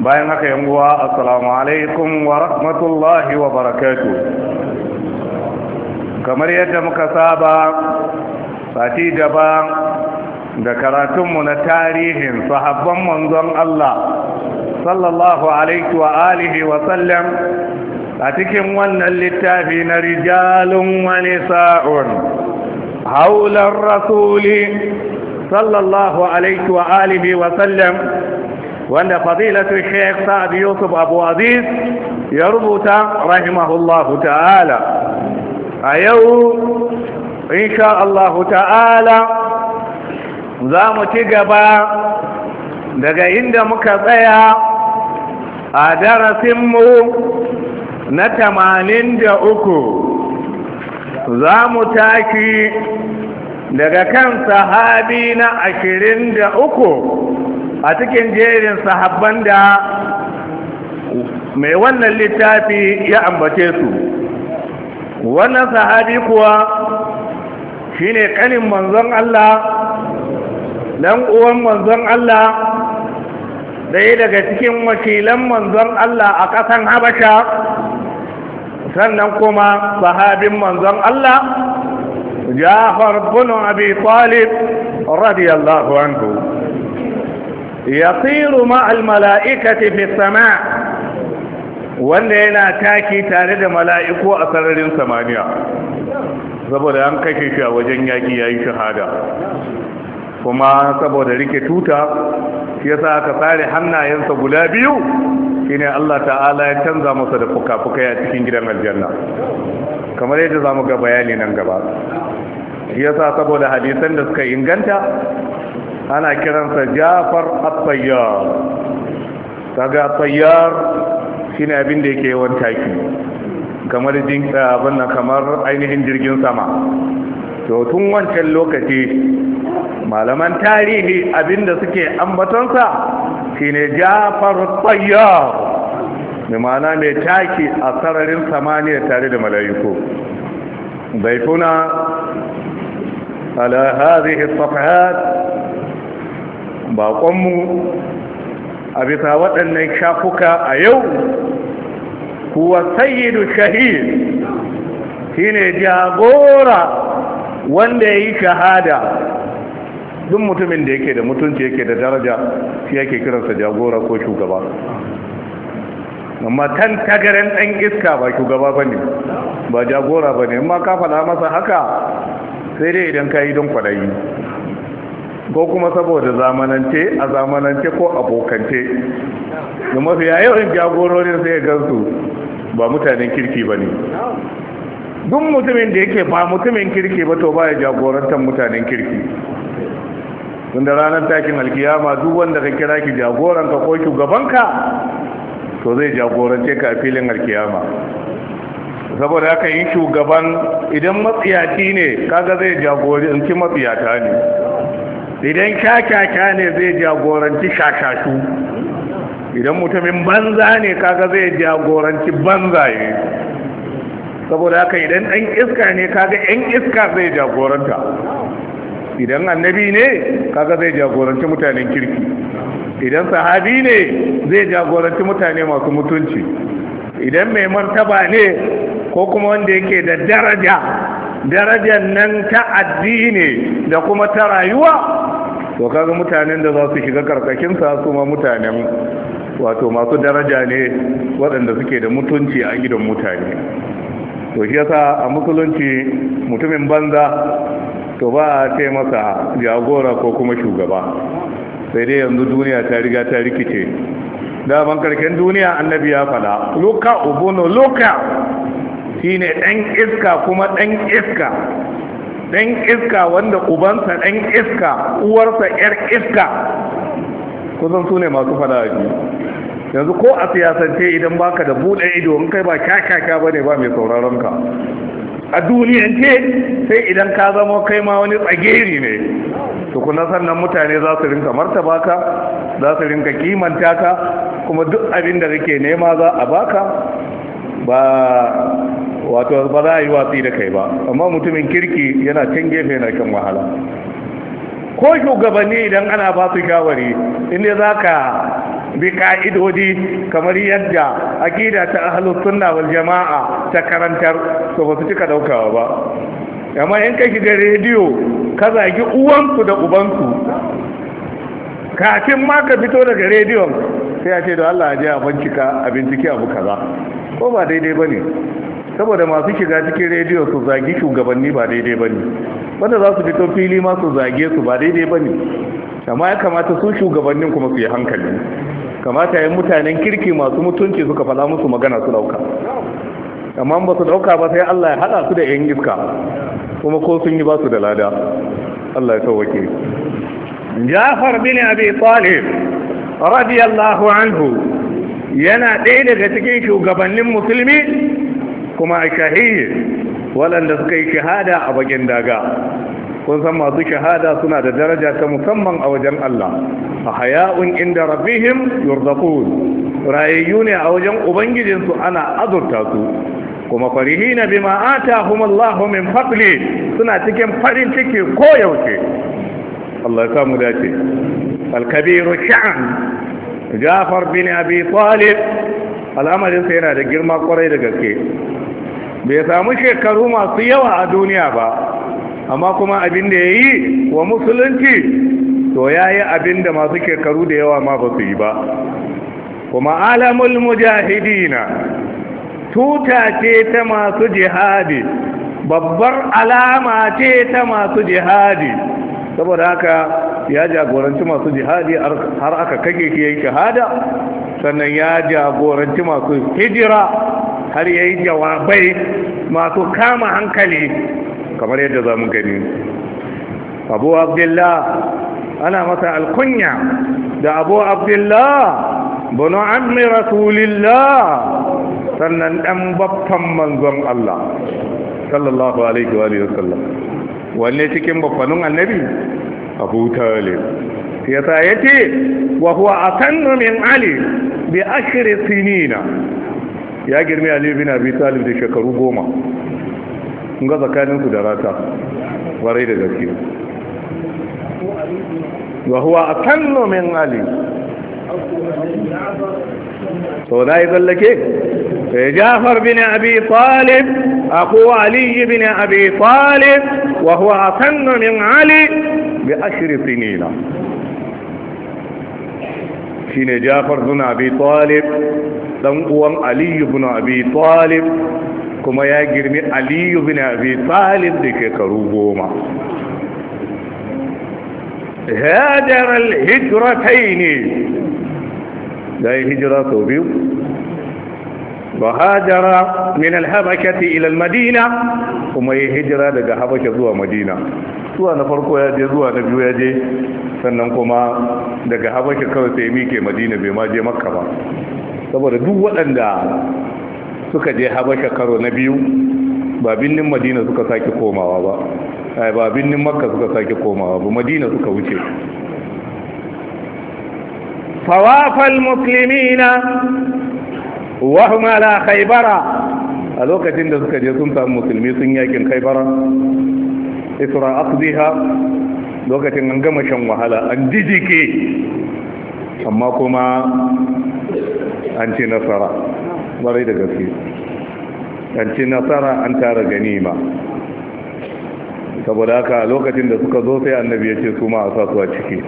bayan haka yan uwa assalamu alaikum wa rahmatullahi wa barakatuh kamar yadda muka saba sati gaba da karatunmu na tarihin sahabban manzon Allah sallallahu alaihi wa alihi wa sallam a cikin wannan littafi na rijalun wani sa'un haular rasuli sallallahu alaihi wa alihi wa sallam wanda fadilatu sheikh sa'ad yusuf abu aziz ya rubuta rahimahullahu ta'ala a yau insha Allah ta'ala za mu ci gaba daga inda muka tsaya a darasinmu na tamanin da uku za mu taki daga kan sahabi na ashirin da uku a cikin jerin sahabban da mai wannan littafi ya ambace su wannan sahabi kuwa shine kanin manzon Allah don uwan manzon Allah ɗaya daga cikin wakilan manzon Allah a ƙasan Habasha sannan kuma sahabin manzon Allah Jafar bin Abi Talib radiyallahu anhu yasiru ma'al mala'ikati fi sama wanda yana taki tare da mala'iko a sararin samaniya saboda an kake shi a wajen yaƙi yayi shahada kuma saboda rike tuta yasa aka tsare hannayensa guda biyu shine Allah ta'ala ya canza masa da fuka-fukai a cikin gidan aljanna kamar yadda zamu ga bayani nan gaba yasa saboda hadisan da suka inganta ana kiransa jafar at daga kaga shine abin da yake yawan taki kamar jin eh, abin nan kamar ainihin jirgin sama to tun wancan lokaci malaman tarihi abinda suke ambatonsa shine jafar tayyar mai ma'ana mai taki a sararin samaniya tare da bai baituna ala hadhihi baƙonmu a bisa waɗannan shafuka a yau kuwa sayyidu shahid shine jagora wanda ya yi shahada duk mutumin da yake da mutunci yake da daraja shi yake kiransa jagora ko shugaba amma tan tagaren ɗan iska ba shugaba ba ne ba jagora ba ne amma ka masa haka sai dai idan ka yi don kwaɗayi ko kuma saboda zamanance a zamanance ko abokance da mafi yayin jagororin sai gansu ba mutanen kirki ba ne duk mutumin da yake ba mutumin kirki ba to ba ya jagorantar mutanen kirki tunda ranar takin alkiyama duk wanda ka kira ki jagoranka ko shugabanka to zai jagorance ka a filin alkiyama saboda haka yin shugaban idan matsiyaci ne kaga zai jagoranci matsiyata ne idan kakaka ne zai jagoranci kakashu idan mutumin banza ne kaga zai jagoranci banzaye saboda haka idan ɗan iska ne kaga ɗan iska zai jagoranta idan annabi ne kaga zai jagoranci mutanen kirki idan sahabi ne zai jagoranci mutane masu mutunci idan mai martaba ne ko kuma wanda yake da daraja darajar nan ta addini da kuma ta rayuwa to kaga mutanen da za su shiga karkashinsa su ma mutanen wato masu daraja ne waɗanda suke da mutunci a gidan mutane to shi yasa a musulunci mutumin banza to ba a ce masa jagora ko kuma shugaba sai dai yanzu duniya ta riga ta rikice daban karken duniya annabi ya fada luka ubuno luka shine ɗan iska kuma ɗan iska ɗan iska wanda ubansa ɗan iska uwarsa ‘yar iska kusan su ne masu fada yanzu ko a siyasance idan baka da buɗe ido in kai ba kyakkyaka ba ne ba mai sauraron ka a duniyance sai idan ka zama kai ma wani tsageri ne tukuna sannan mutane za su rinka martaba ka za su rinka kimanta ka kuma duk abin da kake nema za a baka ba wato ba za a yi watsi da kai ba amma mutumin kirki yana can gefe na kan wahala ko shugabanni idan ana ba su shawari inda za ka bi ka'idodi kamar yadda akida ta ahalus sunna wal jama'a ta karantar to ba su cika daukawa ba amma in ka shiga rediyo ka zagi uwansu da ubansu kafin ma ka fito daga rediyon sai ya ce da Allah ajiya a bincika a bincike abu kaza ko ba daidai ba ne. saboda masu shiga cikin rediyo su zagi shugabanni ba daidai ba ne. wanda za su fito fili ma su zage su ba daidai ba ne. amma ya kamata su shugabannin kuma su yi hankali kamata yin mutanen kirki masu mutunci suka fada musu magana su dauka amma ba su dauka ba sai Allah ya hada su da yan iska kuma ko sun yi ba su da lada Allah ya sauwake jafar bin abi talib radiyallahu anhu yana ɗaya daga cikin shugabannin musulmi kuma shahiyar waɗanda suka yi shahada a bakin daga kun san masu shahada suna da daraja ta musamman a wajen Allah a haya'un inda rabbihim yurzaqun rayayyu ne a wajen ubangijinsu ana azurta su kuma farihina bima atahum Allah min fadli suna cikin farin ciki ko yaushe Allah ya samu dace alkabiru sha'an jafar bin abi talib al'amarinsa yana da girma kwarai da gaske bai samu shekaru masu yawa a duniya ba amma kuma abin da ya yi wa musulunci to ya yi abin da masu shekaru da yawa ma ba su yi ba kuma alamul mujahidina tuta ce ta masu jihadi babbar alama ce ta masu jihadi saboda haka ya jagoranci masu jihadi har aka kage shi yayin shahada sannan ya jagoranci masu hijira har yayi jawabai masu kama hankali kamar yadda zamu gani Abu Abdullah ana masa alkunya da Abu Abdullah bunu ammi rasulillah sannan dan babban manzon Allah sallallahu alaihi wa sallam wanne cikin babbanin annabi abu talib yasa ya ce wa huwa asannu min ali bi ashri sinina ya girme ali bin abi talib da shekaru goma kun ga tsakanin su da rata warai da gaske wa huwa asannu min ali هو يقول لك ايه في جعفر بن أبي طالب أخو علي بن أبي طالب وهو أقل من علي بعشر سنين شين جعفر بن أبي طالب دنقوا علي بن أبي طالب كما يجرم علي بن أبي طالب لكي كروبوما هاجر الهجرتين ya yi hijira sau biyu wa minal min ti ilal madina kuma ya hijira daga habaka zuwa madina zuwa na farko ya je zuwa na biyu ya je sannan kuma daga habaka kawai sai mike madina bai ma je makka ba saboda duk waɗanda suka je habaka karo na biyu ba binnin madina suka sake komawa ba ba binnin makka suka sake komawa ba madina suka wuce طواف المسلمين وهم على خيبر a lokacin da suka je sun samu musulmi sun yakin kaibara isra aqdiha lokacin an gama shan wahala an jijike amma kuma an ci nasara da gaske an ci nasara an tara ganima saboda haka lokacin da suka zo sai annabi ya ce su ma a sa a ciki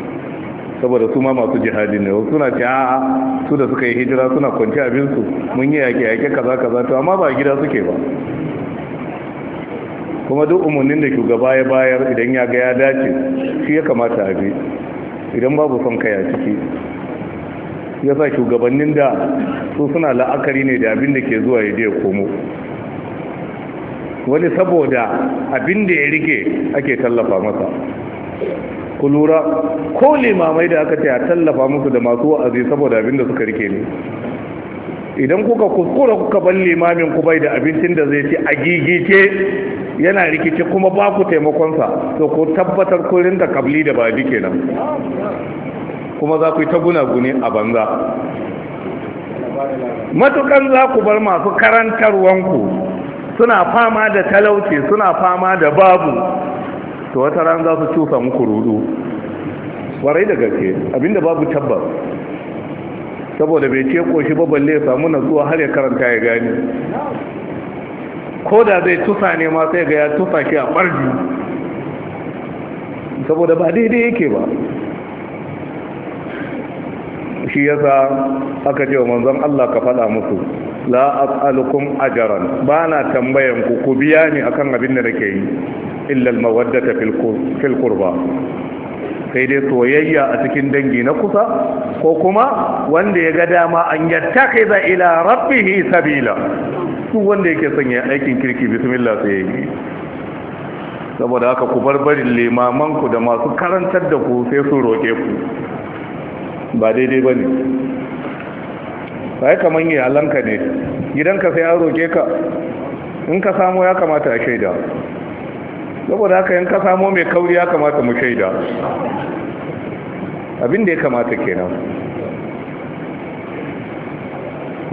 saboda su ma masu jihadi ne suna ce a'a su da suka yi hijira suna kwanci abinsu mun yi yake yake kaza kaza to amma ba gida suke ba kuma duk umarnin da shugaba ya bayar idan ya ga ya dace shi ya kamata a bi idan babu son kai a ciki ya sa shugabannin da su suna la'akari ne da abin da ke zuwa ya je komo wani saboda abin da ya rike ake tallafa masa ku lura ko limamai da aka ce tallafa musu da masu wa'azi saboda abin da suka rike ne idan kuka kuskura kuka bar limamin ku bai da abincin da zai ci a gigice yana rikici kuma ba ku taimakonsa to ku tabbatar ku rinda kabli da ba dike nan. kuma za ku yi ta gunaguni a banza matukan za ku bar masu karantarwanku suna fama da talauci suna fama da babu to wata ran za su cusa muku rudu warai da gaske abinda babu tabbas saboda bai ce koshi ba balle samu zuwa har ya karanta ya gani ko da zai tufa ne ma sai ga ya tufa shi a ɓarji saboda ba daidai yake ba shi yasa aka ce wa manzon Allah ka faɗa musu la as'alukum ajran bana tambayan ku ku biya ni akan abin da nake yi illa al mawaddata fil qurba sai dai soyayya a cikin dangi na kusa ko kuma wanda ya ga dama an yattakhidha ila rabbih sabila su wanda yake son ya aikin kirki bismillah sai yi saboda haka ku barbarin limaman ku da masu karantar da ku sai su roke ku ba daidai bane sai kaman halanka ne gidanka sai an roke ka in ka samu ya kamata a shaida saboda haka in ka samu mai kauri ya kamata mu shaida abin da ya kamata kenan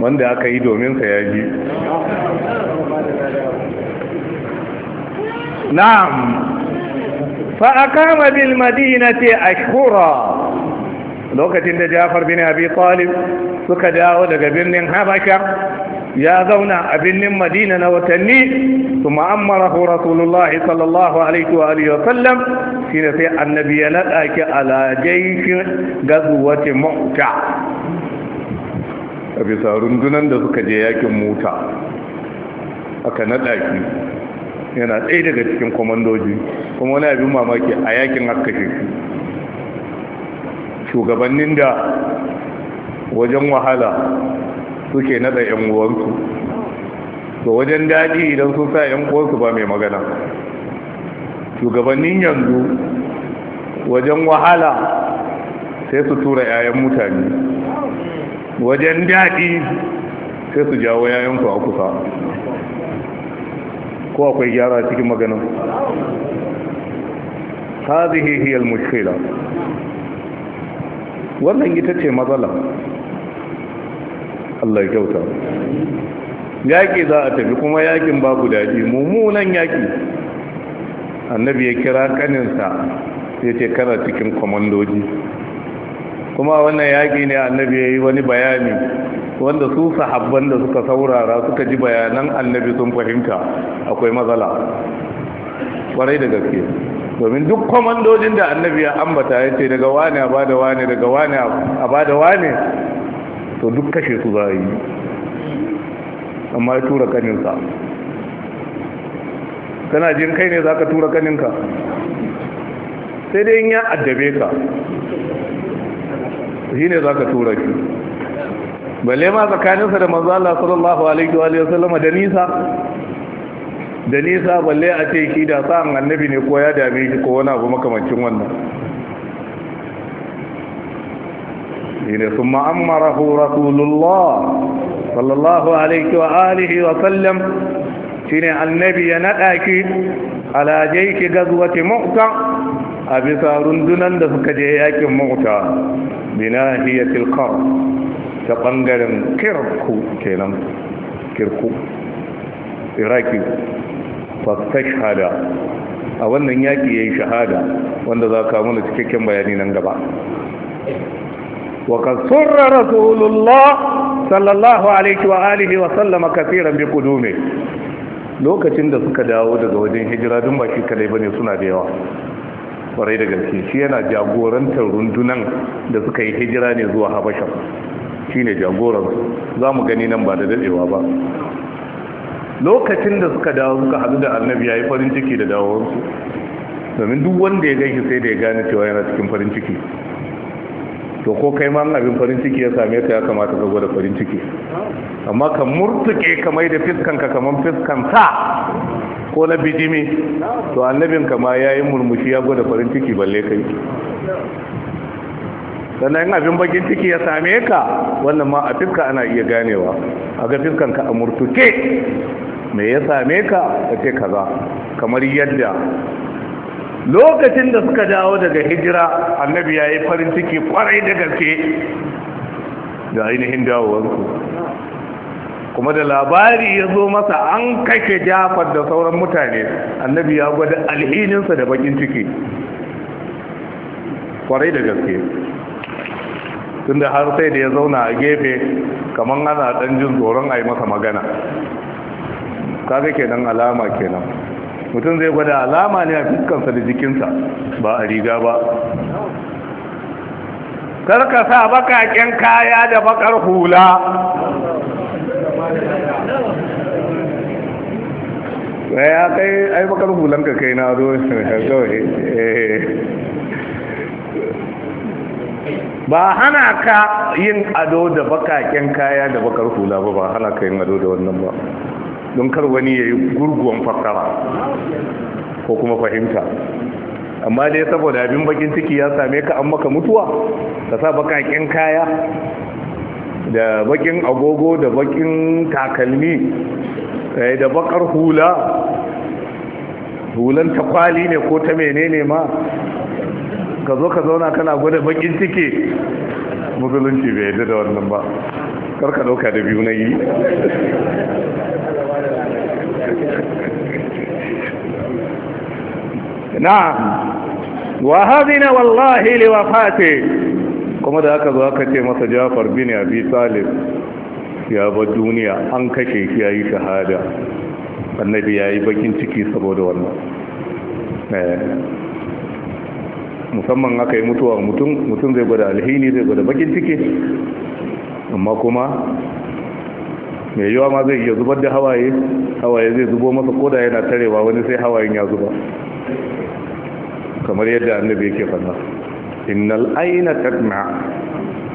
wanda aka yi domin sa ya ji na'am fa akama bil madinati shura. lokacin da jafar bin abi talib suka dawo daga birnin habasha ya zauna a birnin madina na watanni su ma'ammarahu rasulullahi sallallahu alaihi wa alihi wasallam shi ne sai annabi ya naɗa ki alajaifin gazuwacin mota a bisa rundunan da suka je yakin mota aka naɗa ki yana ɗaya daga cikin kwamandoji kuma wani abin mamaki a yakin haka shi shugabannin da wajen wahala suke nada yan uwansu to wajen daɗi idan sun sa yan uwansu ba mai magana shugabannin yanzu wajen wahala sai su tura 'ya'yan mutane wajen daɗi sai su jawo 'ya'yansu a kusa ko akwai gyara cikin maganin هذه هي wannan ita ce matsala Allah kyauta yaƙi za a tafi kuma yaƙin babu daɗi mummunan yaƙi annabi ya kira kaninsa ya ce kana cikin kwamandoji kuma wannan yaƙi ne annabi ya yi wani bayani wanda su sahabban da suka saurara suka ji bayanan annabi sun fahimta akwai matsala kwarai da gaske domin duk kwamandojin da annabi ya ambata ya ce daga wane a ba da wane daga wane a ba da wane to duk kashe su za a yi amma ya tura kaninka kana jin kai ne za ka tura kaninka sai dai ya addabe ka shi ne za ka tura shi balle ma tsakaninsa da manzala sallallahu alaihi wa sallama da nisa da nisa balle a ce shi da sa'an annabi ne ko ya dame shi ko wani abu makamancin wannan shine sun ma'ammarahu rasulullah sallallahu alaihi wa alihi wa sallam shine annabi ya naɗa ki alajai ki gazuwati mauta a bisa rundunan da suka je yakin mauta binahiyatil kar ta ɓangaren kirku kenan kirku iraki fastashhada a wannan yaki yayin shahada wanda za ka mana cikakken bayani nan gaba wa kasurra rasulullah sallallahu alaihi wa alihi wa sallama kaseeran bi qudume lokacin da suka dawo daga wajen hijira dun ba shi kadai bane suna da yawa kwarai da gaske shi yana jagorantar rundunan da suka yi hijira ne zuwa habasha shine jagoran za mu gani nan ba da dadewa ba lokacin da suka dawo suka hadu da annabi ya yi farin ciki da dawowarsu domin duk wanda ya gaishe sai da ya gane cewa yana cikin farin ciki to ko kai ma abin farin ciki ya same ka ya kamata ka gwada farin ciki amma ka murtuke kamai da fiskan ka kamar fiskan sa ko na bijimi to annabin ka ma yi murmushi ya gwada farin ciki balle kai sannan abin bakin ciki ya same ka wannan ma a fiska ana iya ganewa a ga fiskanka a murtuke mai ya same ka a ce kaza kamar yadda lokacin da suka dawo daga hijira annabi ya yi farin ciki kwarai da gaske da ainihin dawowarsu kuma da labari ya zo masa an kake jafar da sauran mutane annabi ya gwada alhininsa da bakin ciki kwarai da gaske tunda har sai da ya zauna a gefe kamar ana dan jin tsoron a yi masa magana kaga kenan alama kenan mutum zai gwada alama ne a fuskansa da jikinsa ba a riga ba karka sa bakaken kaya da bakar hula eh, ya kai ai bakar hulan ka kai na zo eh. ba hana ka yin ado da bakaken kaya da bakar hula ba ba hana ka yin ado da wannan ba don kar wani ya yi gurguwan fakara ko kuma fahimta amma dai saboda abin bakin ciki ya same ka an maka mutuwa ka sa bakaken kaya da bakin agogo da bakin takalmi eh, da bakar hula hulan ta kwali ne ko ta menene ma ka zo ka zauna kana gwada bakin ciki musulunci bai yadda da wannan ba kar ka dauka da biyu na yi na'am wa hazina wallahi liwafati kuma da aka zo aka ce masa Jafar bin Abi Talib ya ba duniya an kashe shi yayi shahada annabi yayi bakin ciki saboda wannan eh. musamman aka yi mutuwa mutum mutum zai gwada alhini zai gwada bakin ciki amma kuma mai yiwa ma zai iya zubar da hawaye hawaye zai zubo masa koda yana tarewa wani sai hawayen ya zuba kamar yadda annabi yake faɗa innal aina tatma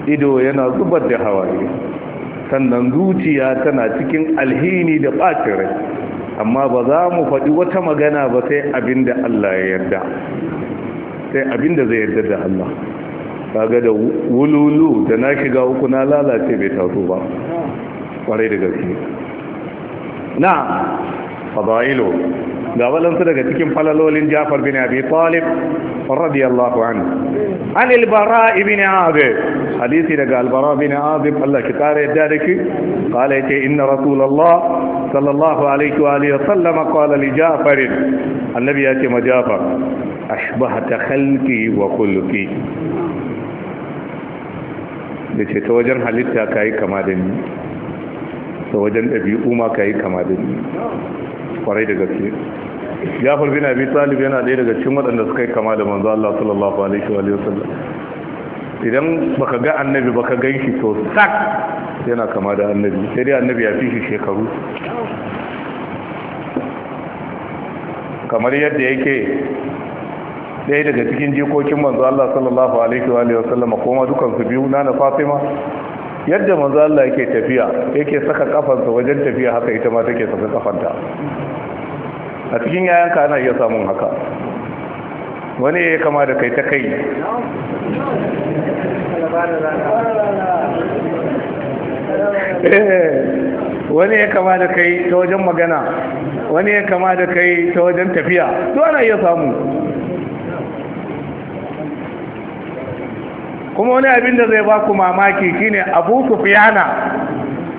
ido yana zubar da hawaye sannan zuciya tana cikin alhini da ɓacin rai amma ba za mu faɗi wata magana ba sai abin da Allah ya yarda sai da zai yarda da Allah kaga da wululu da na kiga uku na lalace bai taso ba kwarai da gaske na fadailu ga walansu daga cikin falalolin Jafar bin Abi Talib radiyallahu anhu an al-Bara ibn Azib hadisi daga al-Bara ibn Azib Allah ki kare yadda da ki qala yace inna rasulullah sallallahu alaihi wa alihi wasallam qala li Jafar annabi yace ma Jafar ashbahta khalqi wa khuluqi da ce ta wajen halitta ka yi kama da ni ta wajen ɗabi'u ma ka yi kama da ni kwarai da gaske jafar bin abi talib yana ɗaya daga cikin waɗanda suka yi kama da manzo Allah sallallahu alaihi wa sallam idan baka ga annabi baka gan shi to sak yana kama da annabi sai dai annabi ya fi shi shekaru kamar yadda yake ɗaya daga cikin jikokin manzo Allah sallallahu alaihi wa sallam koma dukansu biyu na na Fatima yadda manzo Allah yake tafiya yake saka kafansa wajen tafiya haka ita ma take saka kafanta a cikin yayanka ana iya samun haka wani ya kama da kai ta kai eh, wani ya kama da kai ta wajen magana wani ya kama da kai ta wajen tafiya to ana iya samu kuma wani abin da zai ba ku mamaki shine abu sufiyana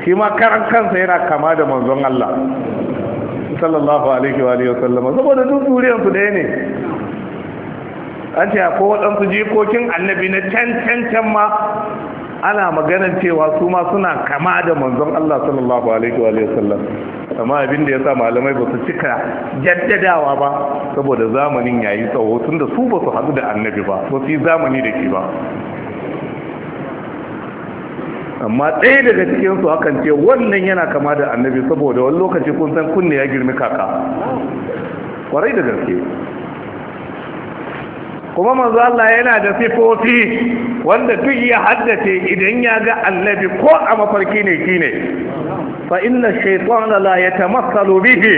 shi ma kansa yana kama da manzon Allah sallallahu alaihi wa alihi wasallam saboda duk zuriyar su ne an ce akwai waɗansu jikokin annabi na can can can ma ana maganar cewa su ma suna kama da manzon Allah sallallahu alaihi wa alihi wasallam amma abin da yasa malamai ba su cika jaddadawa ba saboda zamanin yayi tsawo tunda su ba su haɗu da annabi ba ba su yi zamani da ke ba amma ɗaya daga cikinsu hakan ce wannan yana kama da annabi saboda wani lokaci kun san kunne ya girmi kaka kwarai da gaske kuma manzo Allah yana da sifofi wanda duk ya haddace idan ya ga annabi ko a mafarki ne kine fa inna shaytana la yatamassalu bihi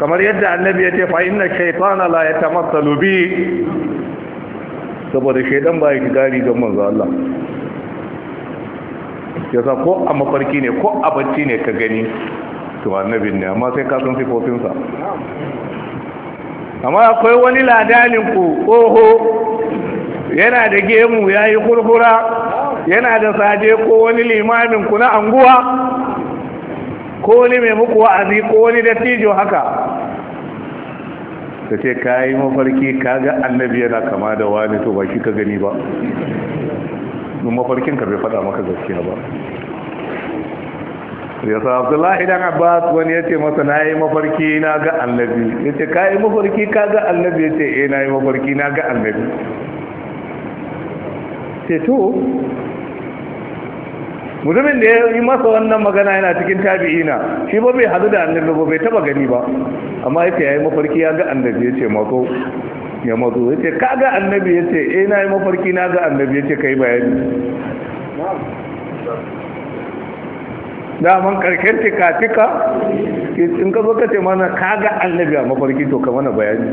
kamar yadda annabi ya ce fa inna shaytana la yatamassalu bihi saboda shaydan ba ya gari ga manzo Allah yasa ko a mafarki ne ko a bacci ne ka gani to annabin ne amma sai ka san sifofinsa amma akwai wani ladanin ku oho yana da gemu ya yi kurkura yana da saje ko wani limamin ku na anguwa ko wani mai muku wa'azi ko wani dattijo haka ta ce ka yi mafarki ka ga annabi yana kama da wani to ba shi ka gani ba mafarkin ka bai faɗa maka gaskiya ba ya sa abdullahi idan abbas wani ya ce masa na yi mafarki na ga annabi ya ce ka yi mafarki ka ga annabi ya ce eh na yi mafarki na ga annabi ce to mutumin da ya yi masa wannan magana yana cikin tabi'ina shi ba bai hadu da annabi ba bai taba gani ba amma ya yayi mafarki ya ga annabi yace mako ya matsu ya ce kaga annabi ya ce eh na yi mafarki na ga annabi ya ce ka yi bayani daman karshen tika-tika in ka zo ka ce mana kaga annabi a mafarki to ka mana bayani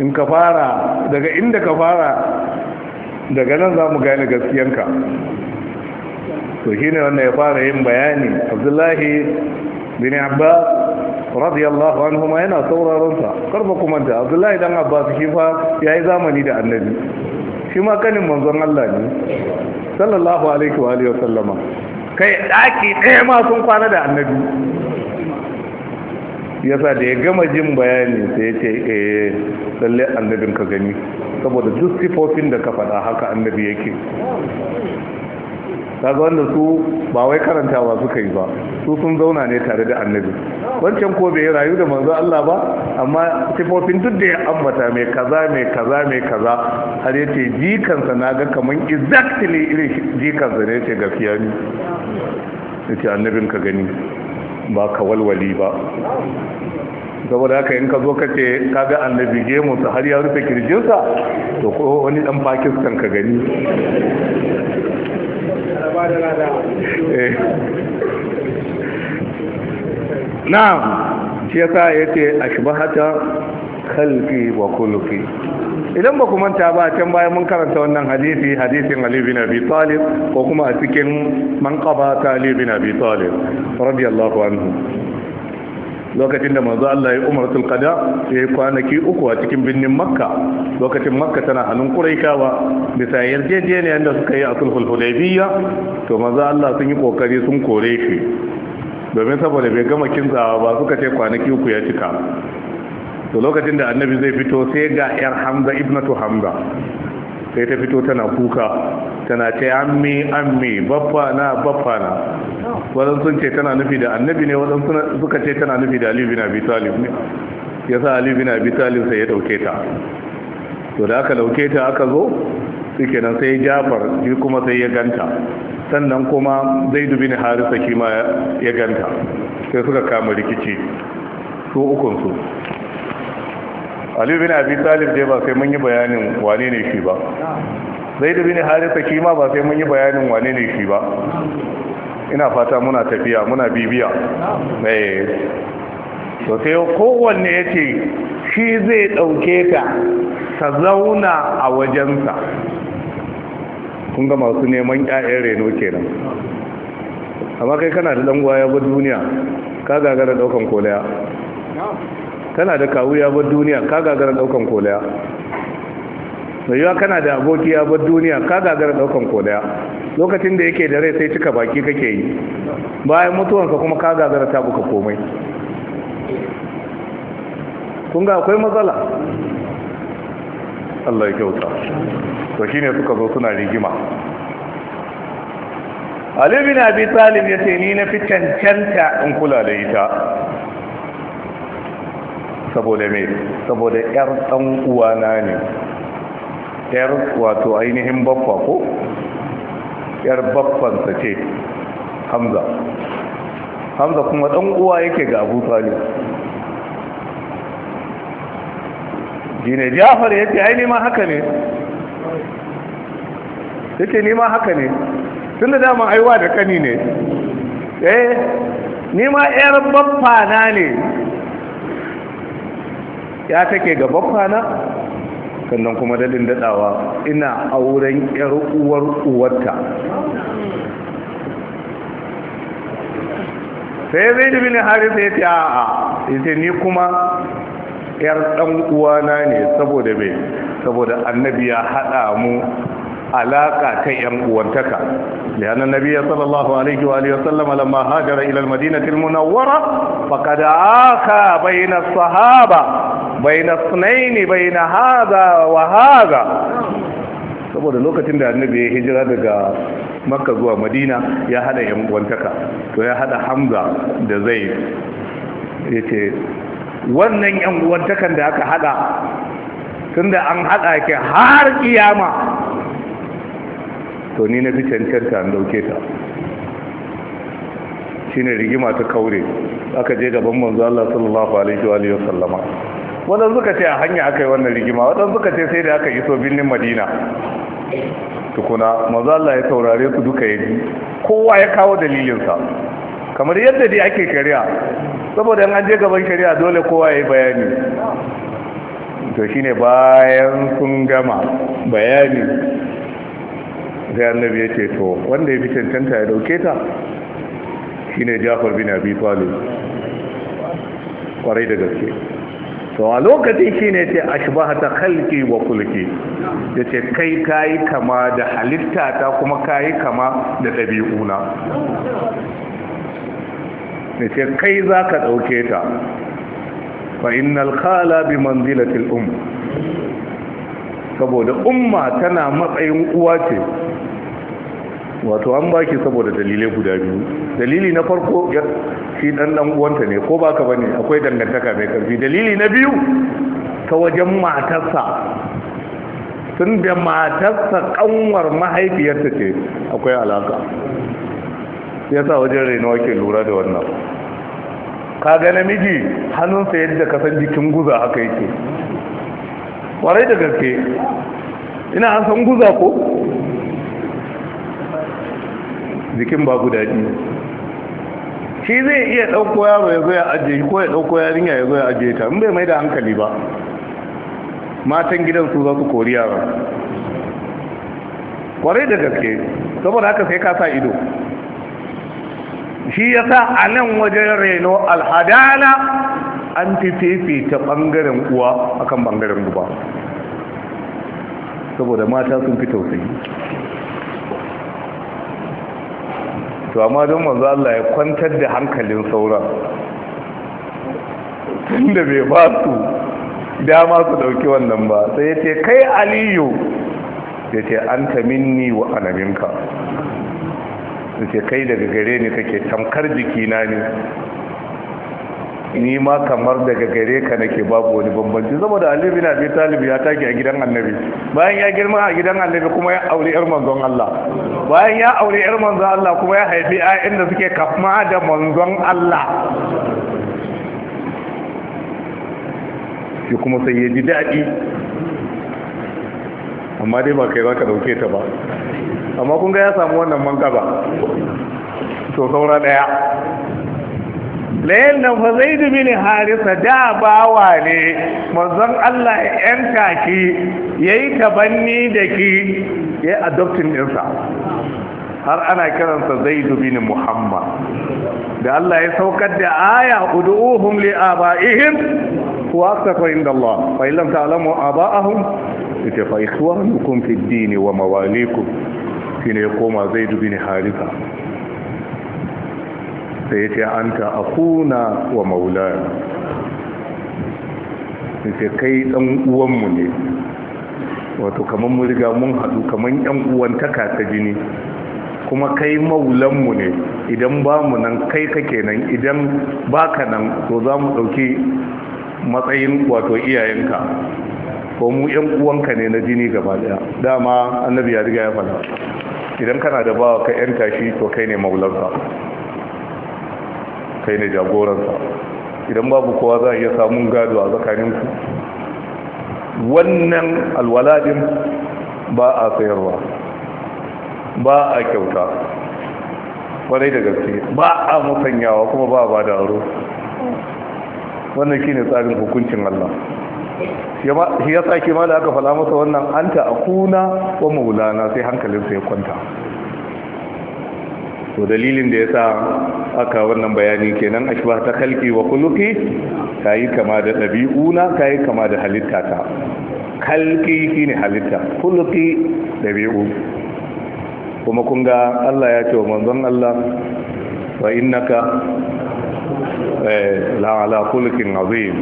in ka fara daga inda ka fara daga nan za mu gane gaskiyanka to shi ne wanda ya fara yin bayani abdullahi bin Abba radiyallahu ma yana sauraron sa karfa kuma da abdullahi dan abbas shi fa yayi zamani da annabi shi ma kanin manzon Allah ne sallallahu alaihi wa alihi sallama kai daki ɗaya ma sun kwana da annabi yasa da ya gama jin bayani sai ya ce eh lalle annabin ka gani saboda duk sifofin da ka faɗa haka annabi yake kaga wanda su ba wai karantawa suka yi ba su sun zauna ne tare da annabi wancan ko bai rayu da manzo Allah ba amma sifofin duk da ya ambata mai kaza mai kaza mai kaza har yace sa naga kaman exactly irin jikansa ne yace gaskiya ne yace annabin ka gani ba ka walwali ba saboda haka in ka zo ka ce ka ga annabi gemu sa har ya rufe kirjinsa to ko wani dan pakistan ka gani eh. na'am shi yasa yace ashbahata khalqi wa khuluqi idan ba ku manta ba can bayan mun karanta wannan hadisi hadisin Ali bin Abi Talib ko kuma a cikin man qaba Talib bin Abi Talib radiyallahu anhu lokacin da manzo Allah ya umaratul qada ya yi kwanaki uku a cikin binnin makka lokacin makka tana hannun quraishawa bisa yarjejeniyar da suka yi a sulhul hudaybiyya to manzo Allah sun yi kokari sun kore shi domin saboda bai gama kinzawa ba suka ce kwanaki uku ya cika to lokacin da annabi zai fito sai ga yar hamza ibnatu hamza sai ta fito tana kuka tana ce ammi ammi baffana na baffa na sun ce tana nufi da annabi ne wadan suka ce tana nufi da alibi bin Abi ne ya sa bin na Talib sai ya dauke ta to da aka dauke ta aka zo nan sai Jafar shi kuma sai ya ganta sannan kuma dubi ni Harisa shi ma ya ganta sai suka kama rikici su ukunsu. ali bin abi talib dai ba sai mun yi bayanin wane ne shi ba zaid bin haritha shi ma ba sai mun yi bayanin wane ne shi ba ina fata muna tafiya muna bibiya eh to sai kowanne yace shi zai dauke ka ka zauna a wajensa kun ga masu neman ƴaƴan reno kenan amma kai kana da dan gwaya ba duniya ka gagara daukan kolaya kana da kawu ya bar duniya ka gagara daukan kolaya mai yiwa kana da aboki ya bar duniya ka gagara daukan kolaya lokacin da yake da rai sai cika baki kake yi bayan mutuwansa kuma ka gagara ta buka komai kun ga akwai matsala Allah ya kyauta to shine suka zo suna rigima Ali bin Abi Talib ce ni na fi cancanta in kula da ita saboda me saboda yar dan uwana ne yar wato ainihin baffa ko yar baffansa ce hamza hamza kuma dan uwa yake ga abu talib jine jafar ya ce ai nima haka ne ya ce ma haka ne tun da dama aiwa da kani ne eh nima yar babba na ne ya take gaban kwana? sannan kuma dalin dadawa ina auren yar uwar uwarta sai zai dubi ne harisa ya ce a'a ya ni kuma yar dan uwana ne saboda bai saboda annabi ya hada mu Alaƙa ta yan uwantaka lian annabi sallallahu alaihi wa sallama alihi wasallam lamma hajara ila wara. almunawwara faqad aka bai na sahaba bai na bayna bai na haza wa haza. saboda lokacin da annabi ya hijira daga makka zuwa madina ya hada yan uwantaka to ya hada hamza da zai yace wannan yan uwantakan da aka hada tunda an hada ke har kiyama to ni na fi cancanta an dauke ta Shi ne rigima ta kaure aka je gaban manzo Allah sallallahu alaihi wa alihi sallama suka ce a hanya akai wannan rigima wadan suka ce sai da aka iso birnin Madina tukuna manzo Allah ya saurare su duka yaji kowa ya kawo dalilinsa. kamar yadda dai ake shari'a saboda an je gaban shari'a dole kowa ya yi bayani to shine bayan sun gama bayani sai annabi ya ce to wanda ya fi cancanta ya dauke ta shine Jafar bin Abi Talib kwarai da gaske to a lokacin shine ce ta kalki wa kulki Ya ce kai yi kama da halitta ta kuma yi kama da Ya ce kai za ka ɗauke ta fa inna alkhala bi manzilati al um saboda umma tana matsayin uwa ce wato an baki saboda dalilai guda biyu dalili na farko shi dan dan uwanta ne ko baka bane akwai dangantaka mai karfi dalili na biyu ta wajen matarsa tun da matarsa kanwar mahaifiyarta ce akwai alaka sa wajen raina ke lura da wannan ka ga namiji hannunsa yadda ka san jikin guza haka yake kwarai da gaske ina an san guza ko jikin ba guda ɗi. shi zai iya ɗauko yaro ya zo ya ajiye ko ya ɗauko yarinya ya zo ya ajiye ta in bai mai da hankali ba matan gidan su za su kori yaron kwarai da gaske saboda haka sai ka sa ido shi ya sa a nan wajen reno alhadana an fi fifita ɓangaren uwa akan ɓangaren uba saboda mata sun fi tausayi to amma don manzo Allah ya kwantar da hankalin sauran tunda bai ba su dama su dauki wannan ba sai ya ce kai aliyu ya ce an ta minni wa anaminka ya ce kai daga gare ni kake tamkar jikina ne ni ma kamar daga gare ka nake babu wani bambanci saboda alibi bin bi talibi ya take a gidan Annabi bayan ya girma a gidan Annabi kuma ya aure yar manzon Allah bayan ya aure yar manzon Allah kuma ya haifi ƴaƴan da suke kafma da manzon Allah shi kuma sai ya ji daɗi amma dai ba kai za ka ɗauke ta ba amma kun ga ya samu wannan manka ba to saura ɗaya layan nan fa zai dubi ni harisa da bawa ne manzon Allah ya yanta ki ya yi tabanni da ki ya yi adoptin ɗinsa har ana kiransa zai dubi ni muhammad da Allah ya saukar da aya udu'uhum li aba'ihim wa astaghfiru inda Allah fa illam ta'lamu aba'ahum ita fa ikhwanukum fi dini wa mawalikum shine ya koma zai dubi ni harisa sai ya ce an ta akuna wa maulana sai kai ɗan uwanmu ne wato kamar murga mun haɗu kamar yan uwan taka ta jini kuma kai maulanmu ne idan ba mu nan kai kake nan idan ba ka nan to za mu ɗauki matsayin wato iyayenka ko mu ɗan uwanka ne na jini gaba ɗaya dama annabi ya riga ya fada idan kana da bawa ka yanta tashi to kai ne maulanka kai ne jagoransa idan babu kowa za a iya samun gado a tsakaninku wannan alwaladin ba a sayarwa ba a kyauta kwarai da gaske ba a musanyawa kuma ba a ba da aro wannan ne tsarin hukuncin Allah shi ya sa ma da aka fala masa wannan anta kuna wa maulana sai hankalinsa ya kwanta to dalilin da ya sa aka wannan bayani kenan ashbah ta khalqi wa khuluqi yi kama da dabi'una yi kama da halitta ta khalqi shine halitta khuluqi dabi'u kuma kun ga Allah ya ce wa manzon Allah wa innaka eh, la ala khuluqin azim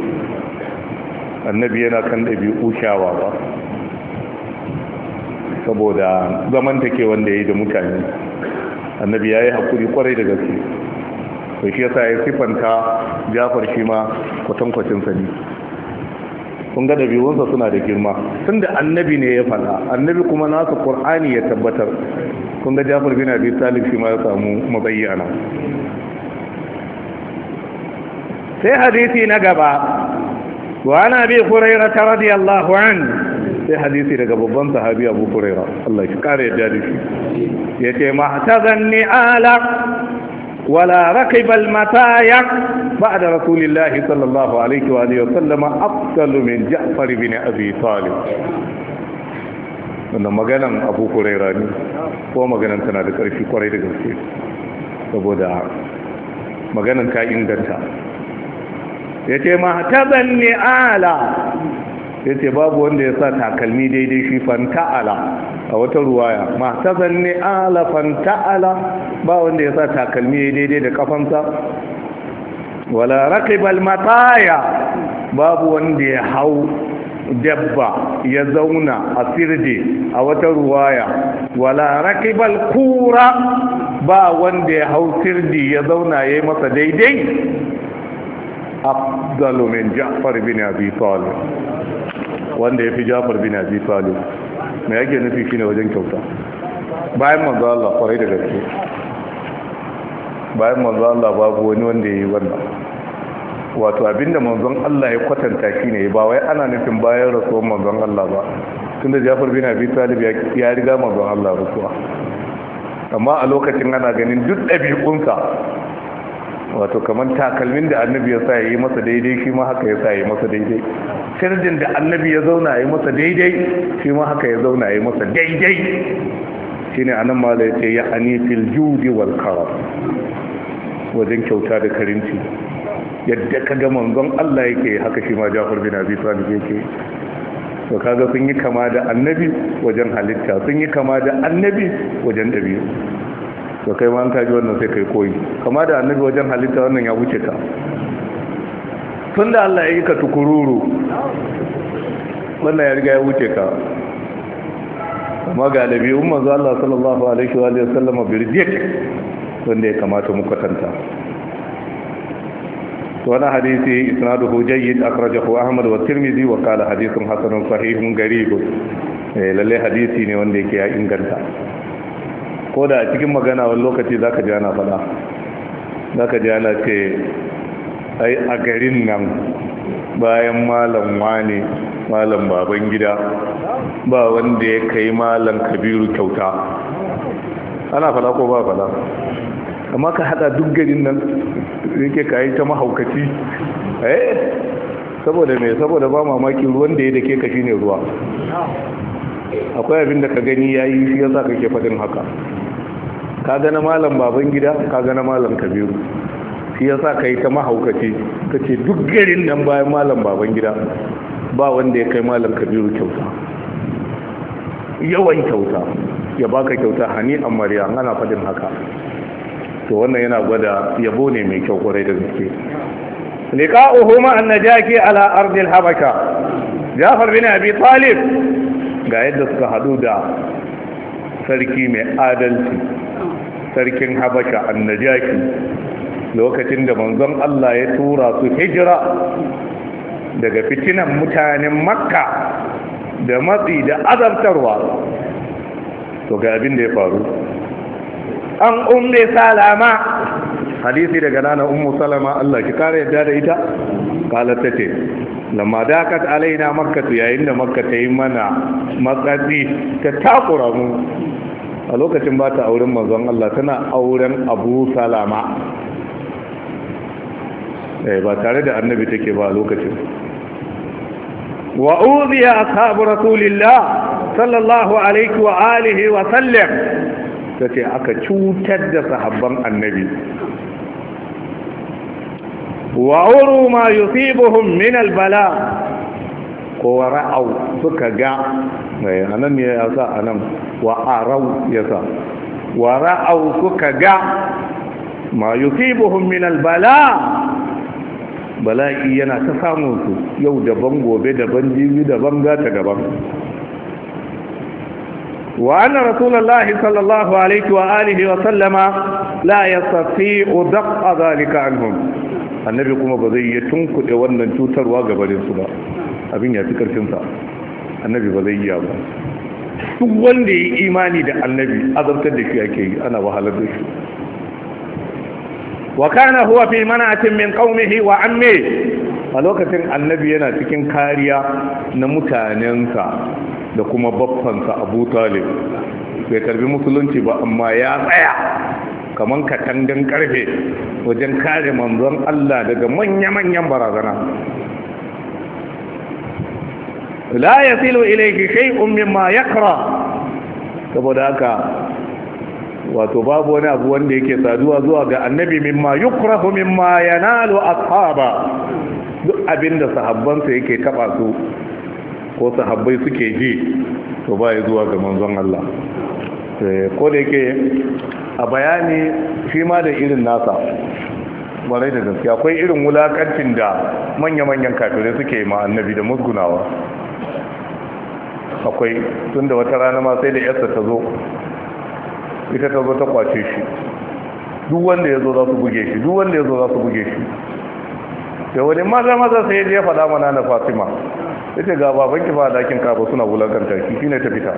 annabi yana kan dabi'u ba. saboda zamantakewan da yayi da mutane annabi ya yi haƙuri kwarai da gaske to shi yasa ya siffanta jafar shi ma kwatankwacin sani kun ga ɗabi'unsa suna da girma tun da annabi ne ya faɗa annabi kuma nasa ƙur'ani ya tabbatar kun ga jafar bin abi talib shi ma ya samu matsayi a nan sai hadisi na gaba wa ana bi hurairah radiyallahu anhu sai hadisi daga babban sahabi abu huraira Allah ya kare yadda da shi ya ce ma ta zanni ala wala rakibal mataya ba da rasulillahi sallallahu alaihi wa alihi wa sallama afdalu min ja'far bin abi talib wannan maganan abu huraira ne ko maganan tana da karfi kwarai da gaske saboda maganan ka inganta ya ce ma ta zanni ala ya ce babu wanda ya sa takalmi daidai shi fanta'ala a wata ruwaya Ma ta zanne ala fanta'ala ba wanda ya sa takalmi daidai da kafansa wala raqibal mataya babu wanda ya hau dabba ya zauna a sirje a wata ruwaya wala rakibal kura ba wanda ya hau sirji ya zauna ya yi masa daidai abdullu min ja'far bin abi talib wanda ya fi jafar bin abi talib mai yake nufi shine wajen kyauta bayan manzo Allah kwarai da gaske bayan manzo Allah babu wani wanda ya yi wannan wato abinda manzon Allah ya kwatanta shi ne ba wai ana nufin bayan rasuwar manzon Allah ba tunda Jafar bin Abi Talib ya riga manzon Allah rasuwa amma a lokacin ana ganin duk ɗabi'unsa wato kamar takalmin da annabi ya sa yi masa daidai shi ma haka ya sa yi masa daidai sirjin da annabi ya zauna yi masa daidai shi ma haka ya zauna yi masa daidai shine anan ma da yace ya anifil judi wal karam wajen kyauta da karimci. yadda ka ga manzon Allah yake haka shi ma Jafar bin Abi Talib yake to kaga sun yi kama da annabi wajen halitta sun yi kama da annabi wajen dabi'u to kai ma an wannan sai kai koyi kama da annabi wajen halitta wannan ya wuce ka tun da Allah ya yi ka tukururu wannan ya riga ya wuce ka amma galibi umar zuwa Allah sallallahu alaihi wa sallam birjit wanda ya kamata mu kwatanta وانا حديثي ko جيد wa احمد wa وقال حديث حسن صحيح غريب لله حديثي ne wanda yake ya inganta ko da a cikin magana wani lokaci za ka ji ana fada za ka ji ana ce ai a garin nan bayan malam wani malam baban gida ba wanda ya kai malam kabiru kyauta ana fada ko ba fada amma ka hada duk garin nan yake kayi ta mahaukaci eh saboda mai saboda ba mamaki ruwan da ya dake ka ne ruwa akwai abin da ka gani ya yi shi ya ka kake fadin haka ka gana malam baban gida ka gana malam kabiru shi yasa ka yi ta mahaukaci ka ce duk garin nan bayan malam baban gida ba wanda ya kai malam kabiru kyauta yawan kyauta ya baka kyauta hani amarya mariya ana fadin haka to wannan yana gwada yabo ne mai kyau kwarai da gaske liqa'uhuma annajaki ala ardi al-habaka Jafar bin Abi Talib ga yadda suka hadu da sarki mai adalci sarkin habasha annajaki lokacin da manzon Allah ya tura su hijira daga fitinan mutanen makka da matsi da azabtarwa to ga abin da ya faru an umbe salama hadisi daga nana ummu salama Allah ki kare yadda da ita kala ce. lamma dakat alaina makka yayin da makka ta yi mana matsatsi ta takura mu a lokacin ba ta auren manzon Allah tana auren abu salama eh, ba tare da annabi take ba a lokacin wa'uziya ashabu rasulillah sallallahu alaihi wa alihi wa sallam ta ce aka cutar da sahabban annabi wa'uru ma yusibuhum min albala ko ra'au suka ga mai eh, anan ya yasa anan wa arau yasa. wa ra'au suka ga ma yusibuhum min albala bala'i yana ta samun su yau daban gobe daban jibi daban gata gaban wa anna rasulullahi sallallahu alaihi wa alihi wa sallama la yastati'u daqqa zalika anhum annabi kuma ba zai yi tunkuɗe wannan cutarwa gabanin su ba abin ya fi karfinsa annabi ba zai yi ba duk wanda ya imani da annabi azabtar da shi ake yi ana wahalar da shi wa kana huwa fi mana'atin min qaumihi wa amme a lokacin annabi yana cikin kariya na mutanensa da kuma baffansa Abu Talib bai karbi musulunci ba amma ya tsaya kaman katangan karfe wajen kare manzon Allah daga manya-manyan barazana la kai umin ma ya yakra saboda haka wato babu wani abu wanda yake saduwa zuwa ga annabi mimma yukrahu mimma yanalu ashaba duk abinda sahabbansa yake kaba su ko sahabbai suke ji to ba ya zuwa ga manzon Allah eh, ko da yake a bayani shi ma da irin nasa barai da gaskiya akwai irin wulakancin da manya-manyan kafirai suke ma annabi da musgunawa akwai tun da wata rana ma sai da yasa ta zo ita ta zo ta kwace shi duk wanda ya zo za su buge shi duk wanda ya zo za su buge shi da wani maza maza sai ya faɗa mana na fatima ita ga baban ki ba dakin ba suna wulakanta shi shine ta fita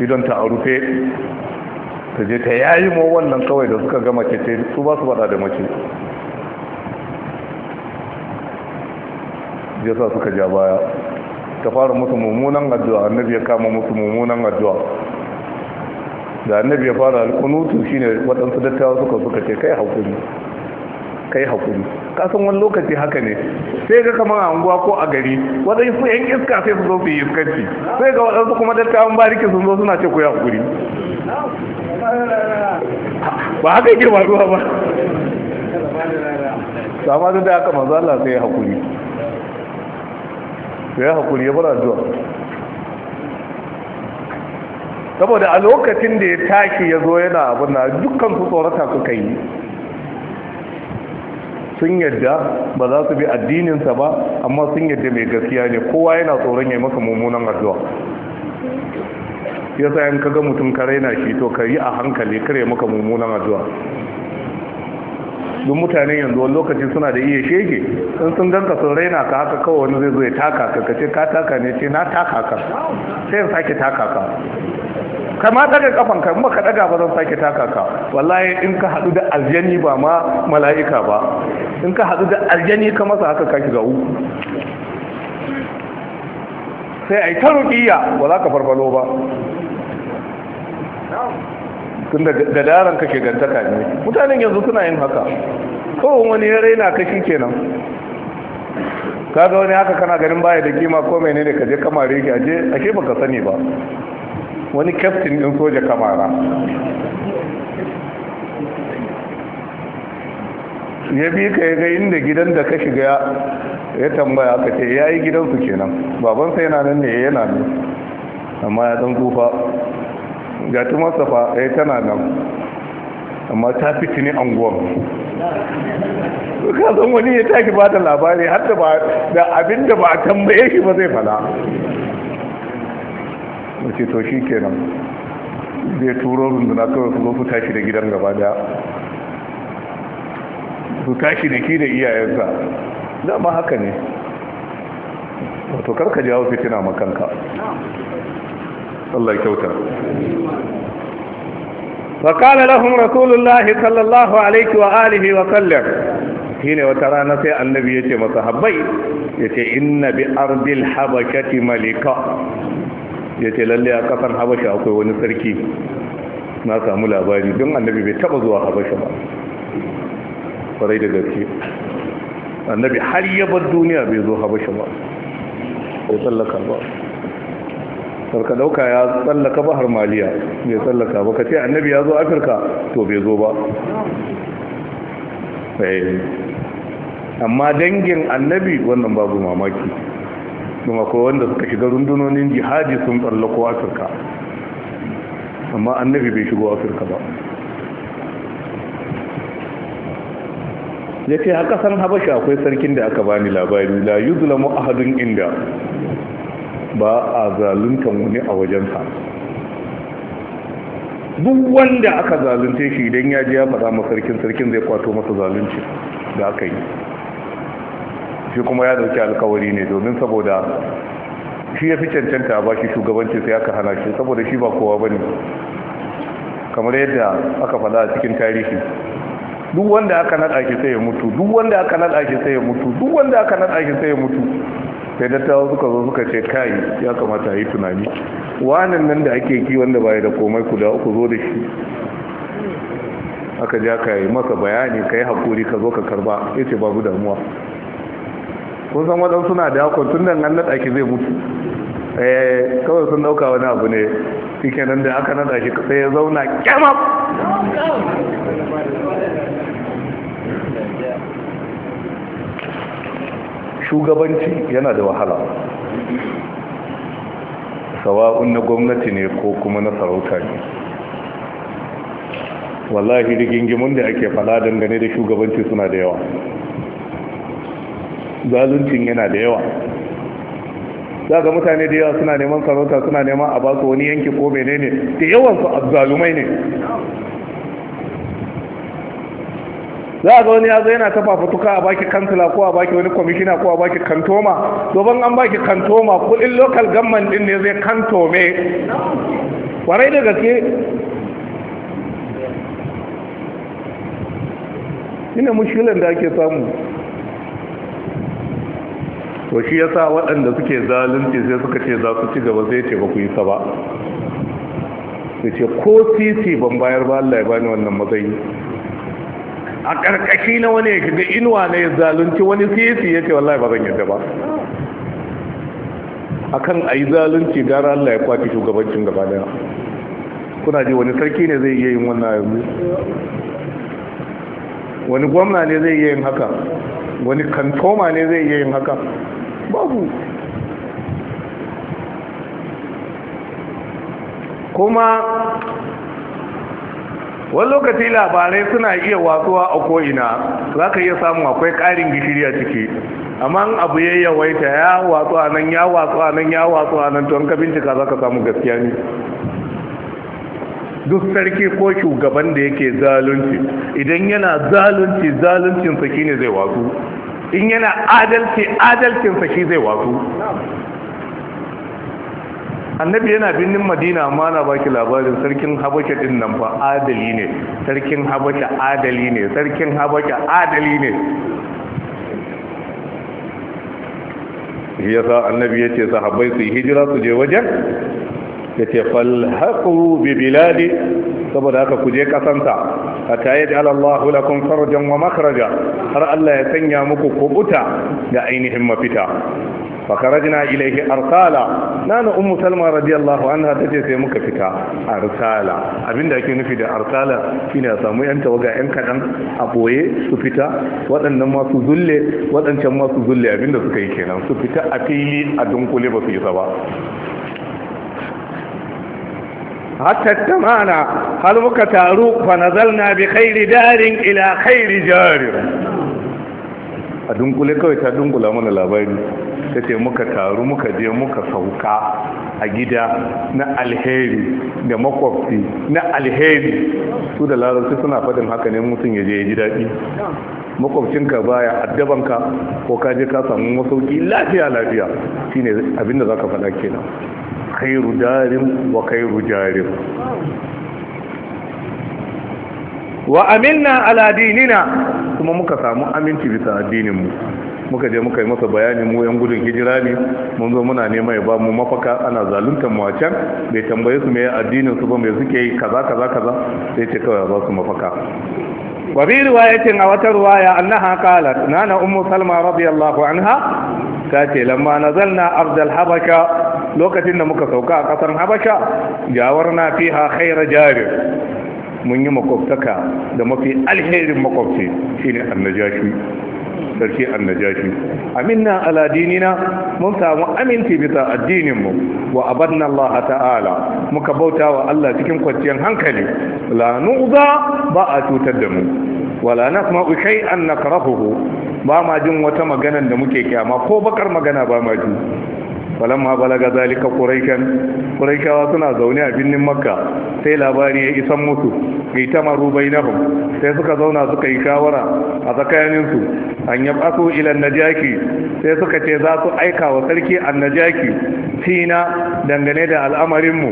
idan ta arufe ta je ta yayi mu wannan kawai da suka gama ce su ba su faɗa da mace yasa suka ja baya Ka fara musu mummunan addu'a annabi ya kama musu mummunan addu'a da annabi ya fara alkunutu ne waɗansu dattawa suka suka ce kai hakuri kai hakuri kasan wani lokaci haka ne sai ga kamar a unguwa ko a gari waɗansu yan iska sai su zo su yi iskanci sai ga waɗansu kuma dattawan bariki sun zo suna ce ku yi hakuri ba haka yake zuwa ba sama da haka manzo Allah sai haƙuri hakuri ya hakuri ya bar addu'a saboda a lokacin da ya tashi ya zo yana abin na dukkan su tsorata suka yi sun yadda ba za su bi addininsa ba amma sun yadda mai gaskiya ne kowa yana tsoron ya maka mummunan addu'a ya sa kaga ga mutum kare na shi to ka yi a hankali kare maka mummunan addu'a duk mutane yanzu wani lokaci suna da iya shege in sun ganka sun raina ka haka kawai wani zai zo ya taka ka kace ka taka ne ce na taka ka sai in sake taka ka Ka ma daga kafan ka ba ka daga ba zan sake taka ka wallahi in ka hadu da aljani ba ma mala'ika ba in ka hadu da aljani ka masa haka ka shiga uku sai a yi ta ruqiya ba za ka farfalo ba tun da daren ka gantaka ne mutanen yanzu suna yin haka kawai wani ya raina ka kenan kaga wani haka kana ganin baya da kima ko mene ne ka je kamare ki aje ashe baka sani ba wani captain din soja kamara ya bi ka ya ga inda gidan da ka shiga ya tambaya ka ce ya yi gidansu kenan babansa yana nan ne yana ne amma ya dan tsufa ga ta masafa ya tana nan amma ta fiti ne anguwan ka san wani ya taki ba da labari har da ba da abin da ba a tambaye shi ba zai fada mace to shi kenan zai turo runduna kawai kuma su tashi da gidan gaba da su tashi da ki da iyayensa dama haka ne wato karka jawo fitina makanka Allah kyauta فقال لهم رسول الله صلى الله عليه وآله وسلم حين وترانا سي النبي يتي مصحبي يتي إن بأرض الحبشة ملكا يتي للي أكثر حبشة أكوي ونسركي na samu labari don annabi bai taba zuwa habasha ba kwarai da gaske annabi har yabar duniya bai zo habasha ba ko tsallaka ba farka dauka ya tsallaka bahar maliya bai tsallaka ba ka ce annabi ya zo afirka to bai zo ba eh. amma dangin annabi wannan babu mamaki kuma akwai wanda suka shiga rundunonin jihadi sun tsallako afirka amma annabi bai shigo afirka ba ya ce a kasar habasha akwai sarkin da aka bani labari la yuzlamu ahadun inda ba a zaluntan wani a wajensa duk wanda aka zalunce shi idan ya ji ya faɗa ma sarkin sarkin zai kwato masa zalunci da aka yi shi kuma ya dauki alkawari ne domin saboda shi ya fi cancanta ba shi shugabanci sai aka hana shi saboda shi ba kowa ba ne kamar yadda aka faɗa a cikin tarihi duk wanda aka naɗa shi sai ya mutu duk wanda aka naɗa shi sai ya mutu duk wanda aka naɗa shi sai ya mutu sai dattawa suka zo suka ce kai ya kamata a yi tunani wanan nan da ake ki wanda baya da komai kuda uku zo da shi aka ja ka yi maka bayani ka yi haƙuri ka zo ka karba ya ce babu damuwa kun san suna da dakon tun nan an naɗa zai mutu eh kawai sun ɗauka wani abu ne shi da aka naɗa shi sai ya zauna kyamam shugabanci yana da wahala sawa'un na gwamnati ne ko kuma na sarauta ne wallahi rigingimun da ake fada dangane da shugabanci suna da yawa zaluncin yana da yawa za ga mutane da yawa suna neman sarauta suna neman a basu wani yanki ko menene da yawan su ne za ga wani ya zo yana ta fafutuka a baki kansila ko a baki wani kwamishina ko a baki kantoma domin an baki kantoma kudin lokal gamman din ne zai kantome warai da gaske ina mushkilan da ake samu to shi yasa waɗanda suke zalunci sai suka ce za su ci gaba zai ce ba ku yi ba sai ce ko sisi ban bayar ba Allah ya bani wannan matsayi a ƙarƙashi na wani ya shiga inuwa na ya zalunci wani siyasi ya ce wallahi ba zan yadda ba a kan a yi zalunci gara Allah ya kwaki shugabancin gaba daya kuna ji wani sarki ne zai iya yin wannan yanzu wani gwamna ne zai iya yin haka wani kantoma ne zai iya yin haka babu kuma wani lokaci labarai suna iya watsuwa a ko'ina za ka iya samu akwai ƙarin gishiri a ciki amma abu ya yawaita ya watsu a nan ya watsu a nan ya watsu a nan tuwon ka bincika za ka samu gaskiya ne duk sarki ko shugaban da yake zalunci idan yana zalunci zaluncin saki ne zai watsu in yana adalci adalcin saki zai watsu annabi yana birnin madina amma na baki labarin sarkin habasha din nan fa adali ne sarkin habasha adali ne sarkin habasha adali ne sa annabi ya ce sahabbai su yi hijira su je wajen ya ce falhaƙu bi biladi saboda haka ku je ƙasanta a da alallahu lakum farajan wa makaraja har Allah ya sanya muku kubuta da ainihin mafita fa karajna ilaihi arsala nana ummu salma radiyallahu anha tace sai muka fita arsala abinda ake nufi da arsala shine a samu yan tawaga yan kadan a boye su fita waɗannan ma su zulle waɗancan ma su zulle abinda suka yi kenan su fita a fili a dunkule ba su yi ba hatta tamana hal muka taru fa nazalna bi khairi darin ila khairi jarir a dunkule kawai ta dunkula mana labari ta ce muka taru muka je muka sauka a gida na alheri da makwabci na alheri su da larabci suna fadin haka ne mutum ya je ya ji daɗi makwabcinka baya addabanka ko ka je ka samu masauki lafiya lafiya shine abinda zaka faɗa kenan khairu darin wa khairu jarim wa aminna ala dinina kuma muka samu aminci bisa addinin mu muka je muka yi masa bayanin mu yan gudun hijira ne mun zo muna nema ya ba mu mafaka ana zaluntar mu a can bai tambaye su meye addinin su ba me suke yi kaza kaza kaza sai ce kawai ba su mafaka wa bi riwayatin a wata riwaya annaha qalat nana ummu salma radiyallahu anha ta ce lamma nazalna ardal Habasha, lokacin da muka sauka a kasar habasha jawarna fiha khayra jarir mun yi makwabtaka da mafi alherin makwabci shine annajashi sarki annajashi aminna aladinina mun samu aminci bisa addinin mu wa abadna Allah ta'ala muka bauta wa Allah cikin kwanciyar hankali la nu'za ba a cutar da mu wala nasma'u shay'an nakrahuhu ba ma jin wata magana da muke kyama ko bakar magana ba ma falamma balaga zalika quraikan quraikawa suna zaune a binnin makka sai labari ya isan musu ta itamaru bainahum sai suka zauna suka yi kawara a tsakanin su an yabasu ila najaki sai suka ce za su aika wa sarki annajaki tina dangane da al'amarin mu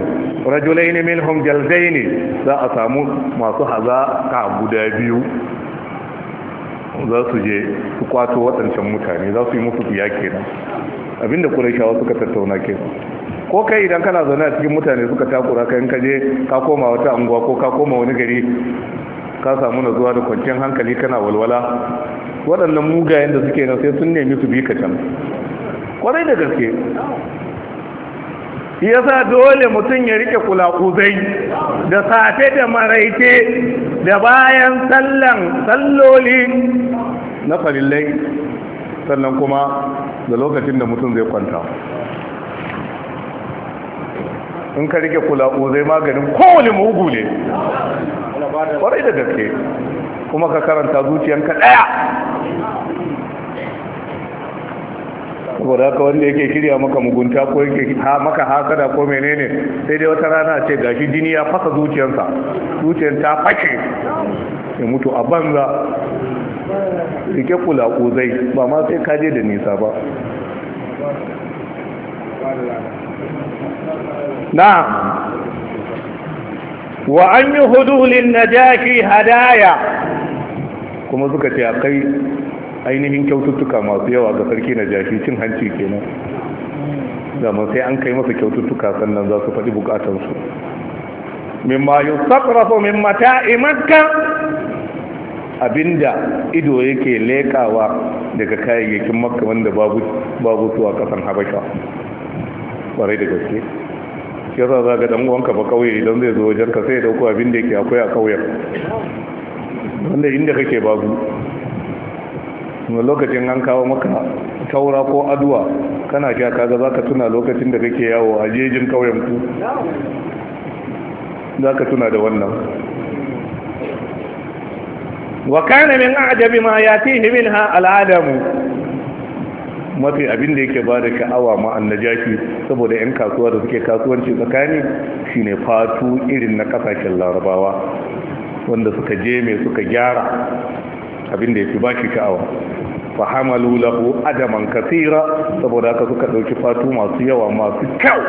rajulaini minhum ne. za a samu masu haza ka guda biyu za su je su kwato waɗancan mutane za su yi musu biya kenan abinda quraishawa suka tattauna ke ko kai idan kana zaune a cikin mutane suka takura kayan kaje ka koma wata unguwa ko ka koma wani gari ka samu zuwa da kwanciyar hankali kana walwala waɗannan mugayen da suke na sai sun nemi su bi ka can kwarai da gaske yasa dole mutum ya rike kulakuzai da safe da maraice da bayan sallan salloli na falillai sannan kuma da lokacin da mutum zai kwanta in ka rike kula zai maganin kowane mugu ne kwarai da gaske kuma ka karanta zuciyanka ɗaya saboda haka wanda yake kirya maka mugunta ko yake maka hasada ko menene sai dai wata rana ce gashi jini ya fasa zuciyarsa zuciyar ta fashe ya mutu a banza rike kula kuzai ba ma sai kaje da nisa ba Na, wa an yi na najashi hadaya kuma suka ce a kai ainihin kyaututtuka masu yawa ga sarki na jashi cin hanci kenan zaman sai an kai masa kyaututtuka sannan za su faɗi bukatansu mimma yi sakrafa mimma ta imatka abinda ido yake lekawa daga kayayyakin makka wanda babu suwa kasan habasha ƙwarai da gaske ya sa za ga dan uwanka ba kauye idan zai zo wajen ka sai dauko abin da yake akwai a kauyen wanda inda kake babu lokacin an kawo maka taura ko aduwa kana sha kaga za ka tuna lokacin da kake yawo a jejin ƙauyenku za ka tuna da wannan wa kana min ajabi ma yatihi minha al'adam mafi abin da yake ba da sha'awa ma annajaki saboda 'yan kasuwa da suke kasuwanci tsakani shine fatu irin na kasashen larabawa wanda suka je mai suka gyara abinda ya fi ba shi sha'awa fa hamalu lahu adaman kasira saboda haka suka dauki fatu masu yawa masu kyau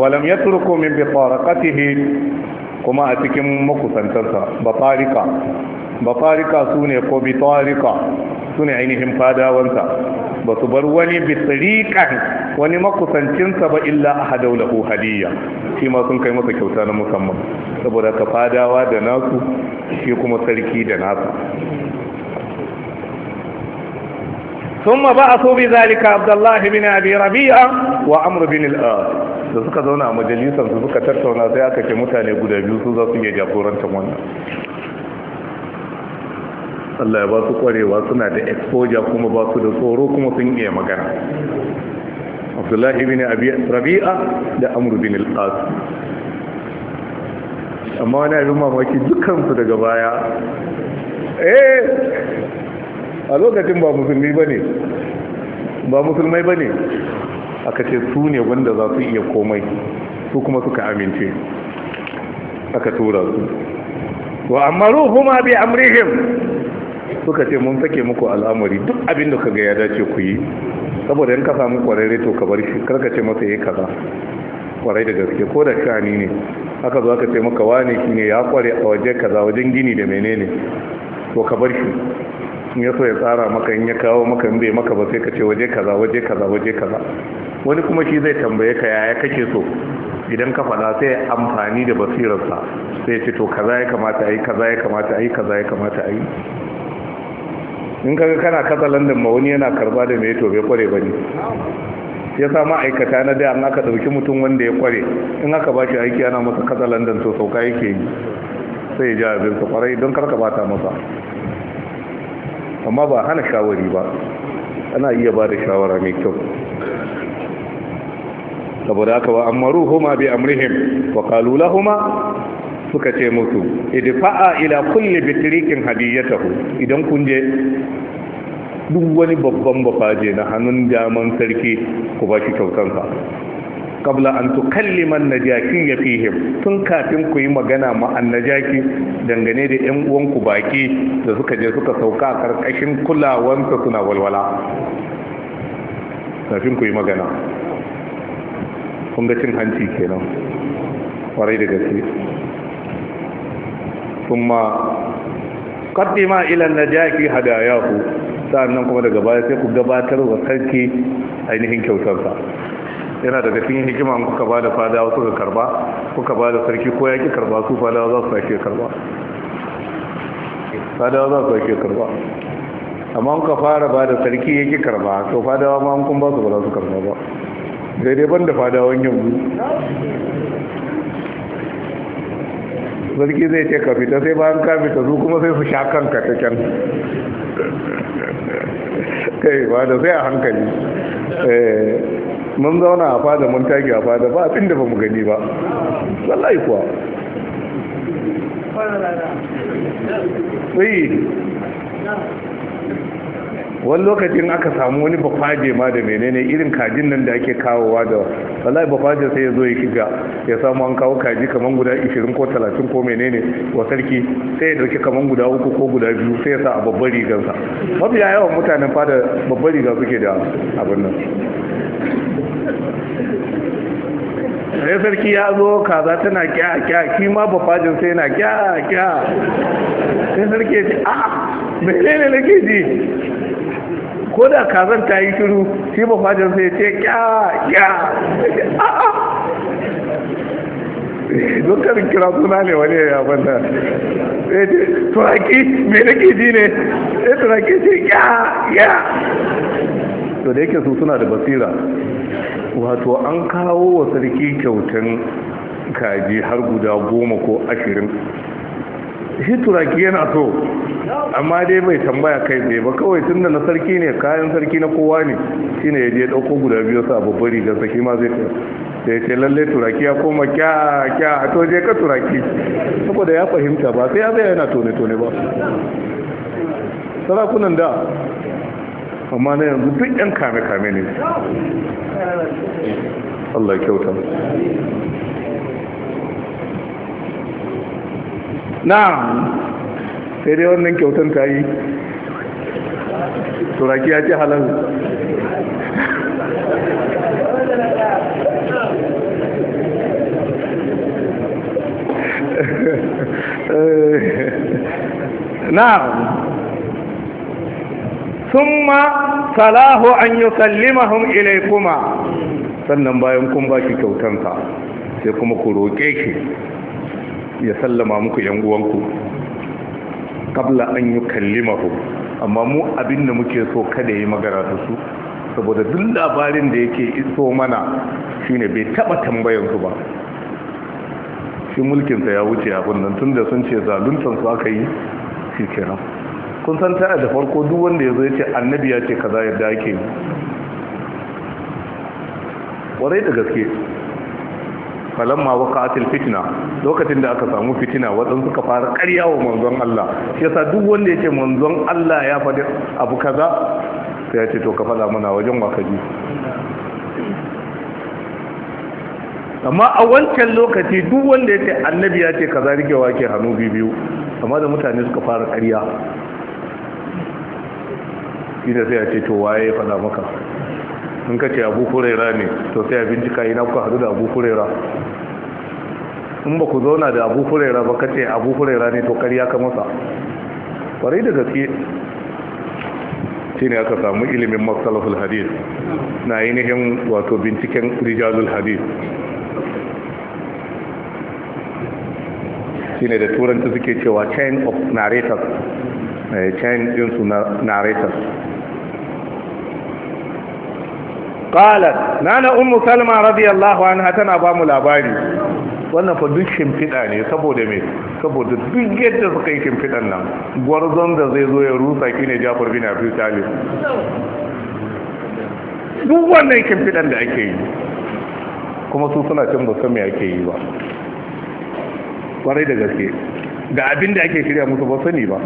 walam yatruku min bifaraqatihi kuma a cikin makusantarsa bafarika bafarika su ne ko su ne ainihin fadawansa ba su bar wani bisirikan wani makusancinsa ba illa a hadaulahu hadiyya shi ma sun kai masa kyauta na musamman saboda ka fadawa da nasu shi kuma sarki da nasu ثم بعثوا بذلك عبد الله بن ابي ربيعه وعمر بن الاس da suka zauna a majalisar su suka tattauna sai aka ce mutane guda biyu su za su iya jagorantar wannan Allah ya ba su kwarewa suna da exposure kuma ba su da tsoro kuma sun iya magana abdullahi bin rabi'a da Amr bin al Al-As. amma wani abin mamaki dukansu daga baya eh a lokacin ba musulmi ba ne ba musulmai ba ne aka ce su ne wanda za su iya komai su kuma suka amince aka tura su wa amma ruhu ma bi amrihim suka ce mun sake muku al'amari duk abin da kaga ya dace ku yi saboda in ka samu kwararre to ka bar shi karka ce masa yayi kaza kwarai da gaske ko da shani ne Haka zo ka ce maka wane ne ya kware a waje kaza wajen gini da menene to ka bar shi in ya so ya tsara maka in ya kawo maka in bai maka ba sai ka ce waje kaza waje kaza waje kaza wani kuma shi zai tambaye ka yaya kake so idan ka fada sai amfani da basirarsa sai ce to kaza ya kamata a yi kaza ya kamata a yi kaza ya kamata a yi in kaga kana kasa london ma wani yana karba da mai to bai kware ba ne ya sa ma'aikata na da an aka ɗauki mutum wanda ya kware in aka ba shi aiki ana masa kasa london to sauka yake yi sai ya ji su kwarai don karka bata masa amma ba hana shawari ba ana iya ba da shawara mai kyau saboda haka wa amaru huma bi amrihim wa qalu suka ce musu idfa'a ila kulli ya hadiyatahu idan kun je duk wani babban bafaje na hannun daman sarki ku ba shi kyautansa kabla an tukalliman najaki ya fihim tun kafin ku yi magana ma annajaki dangane da yan uwanku baki da suka je suka sauka karkashin kulawansa suna walwala kafin ku yi magana kun ga cin hanci kenan kwarai da gaske kuma kaddima ila najaki hadayahu sannan kuma daga baya sai ku gabatar wa sarki ainihin kyautarsa yana daga cikin hikima kuka ba da fadawa suka karba kuka ba da sarki ko ya ki karba su fadawa za su sake karba fadawa za su sake karba amma kuka fara ba da sarki ya ki karba to fadawa ma kun ba su ba za su karba ba daidai ban da fadawan yanzu sarki zai ce ka fita sai bayan ka fita su kuma sai su sha kanka ta can kai ba da sai a hankali eh, mun zauna a fada mun tage a fada ba abin da ba mu gani ba wallahi kuwa sai wani lokacin aka samu wani bafaje ma da menene irin kajin nan da ake kawowa da wallahi bafaje sai ya zo ya kiga ya samu an kawo kaji kamar guda 20 ko 30 ko menene wa sarki sai ya dauki kamar guda uku ko guda biyu sai ya sa a babbar rigansa mafi yawan mutanen fada babbar riga suke da abin nan sai sarki ya zo kaza tana kya kya shi ma bafajin sai na kya kya sai sarki ya ce a menene nake ji ko da kazan ta yi shiru shi ba fajin sai ce kya kya a'a dukkanin kira suna ne wani ya banta sai ce turaki mai nake ji ne sai turaki ce kya kya to da yake su suna da basira wato an kawo wa sarki kyautan kaji har guda goma ko ashirin shi turaki yana so amma dai bai tambaya kai ne ba kawai tun da na sarki ne kayan sarki na kowa ne shi ne ya je ɗauko guda biyu sa babbar rigar saki ma zai kai sai ce lalle turaki ya koma kya kya a to je ka turaki saboda ya fahimta ba sai ya zai yana tone tone ba sarakunan da amma na yanzu duk yan kame kame ne Allah kyauta Na sai dai wannan kyautan ta yi turaki ya ce na sun summa salahu an yi sallimahun kuma sannan bayan kun ba ki kyautansa sai kuma ku roƙe ki ya sallama muku yan uwanku kabla an yi kallimahu amma mu abin da muke so kada yi magana da su saboda duk labarin da yake iso mana shine bai taba tambayar su ba shi mulkinsa ya wuce abin nan tun da sun ce zaluntan su aka yi shi kun san ta da farko duk wanda ya zo ce annabi ya ce kaza yadda ake yi ƙwarai da gaske falamma waqa'atil fitna lokacin da aka samu fitina wadan suka fara ƙarya wa manzon Allah yasa duk wanda yake manzon Allah ya faɗi abu kaza sai ya ce to ka faɗa mana wajen wa kaji amma a wancan lokaci duk wanda yake annabi ya ce kaza rike wake hannu biyu amma da mutane suka fara ƙarya shi da sai ya ce to waye faɗa maka in ka ce abu huraira ne to sai abin jika ina ku hadu da abu huraira in ba ku zauna da abu huraira ba ka ce abu huraira ne to karya ka masa kwarai da gaske shi ne aka samu ilimin matsalaful hadith na ainihin wato binciken rijalul hadith shi ne da turanci suke cewa chain of narrators eh, chain ɗinsu narrators qalat nana ummu salma radiyallahu anha tana ba mu labari wannan fa duk shimfiɗa ne saboda me saboda duk yadda suka yi shimfiɗan nan gwarzon da zai zo ya rusa ki ne jafar bin abu talib duk wannan shimfiɗan da ake yi kuma su suna can basu san me ake yi ba kwarai da gaske ga abin da ake shirya musu ba sani ba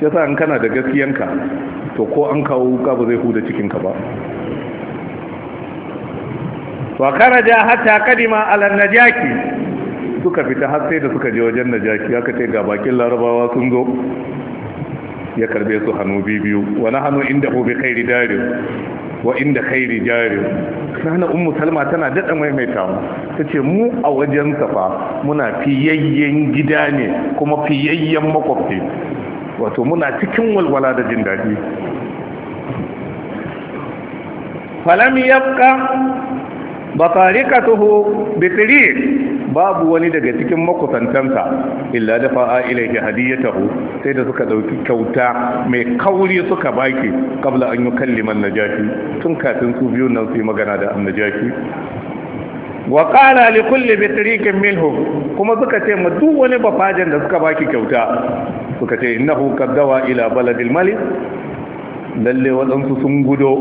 yasa in kana da gaskiyanka to ko an kawo wuka ba zai huda cikinka ba wa karaja hatta kadima ala najaki suka fita har sai da suka je wajen najaki aka ce ga bakin larabawa sun zo ya karbe su hannu biyu wani hannu inda hobi kairi dare wa inda kairi jari sana ummu salma tana daɗa mai mai ta ce mu a wajen safa muna fiyayyen gida ne kuma fiyayyen makwabci wato muna cikin walwala da jin daɗi falam yabqa batarikatuhu bitri babu wani daga cikin makusantansa illa da fa'a ilaihi hadiyatahu sai da suka ɗauki kyauta mai kauri suka baki kabla an yi kalliman najashi tun kafin su biyu nan su yi magana da annajashi waƙala qala li kulli bitriqin minhu kuma suka ce ma duk wani bafajen da suka baki kyauta suka ce innahu qaddawa ila baladil malik lalle waɗansu sun gudo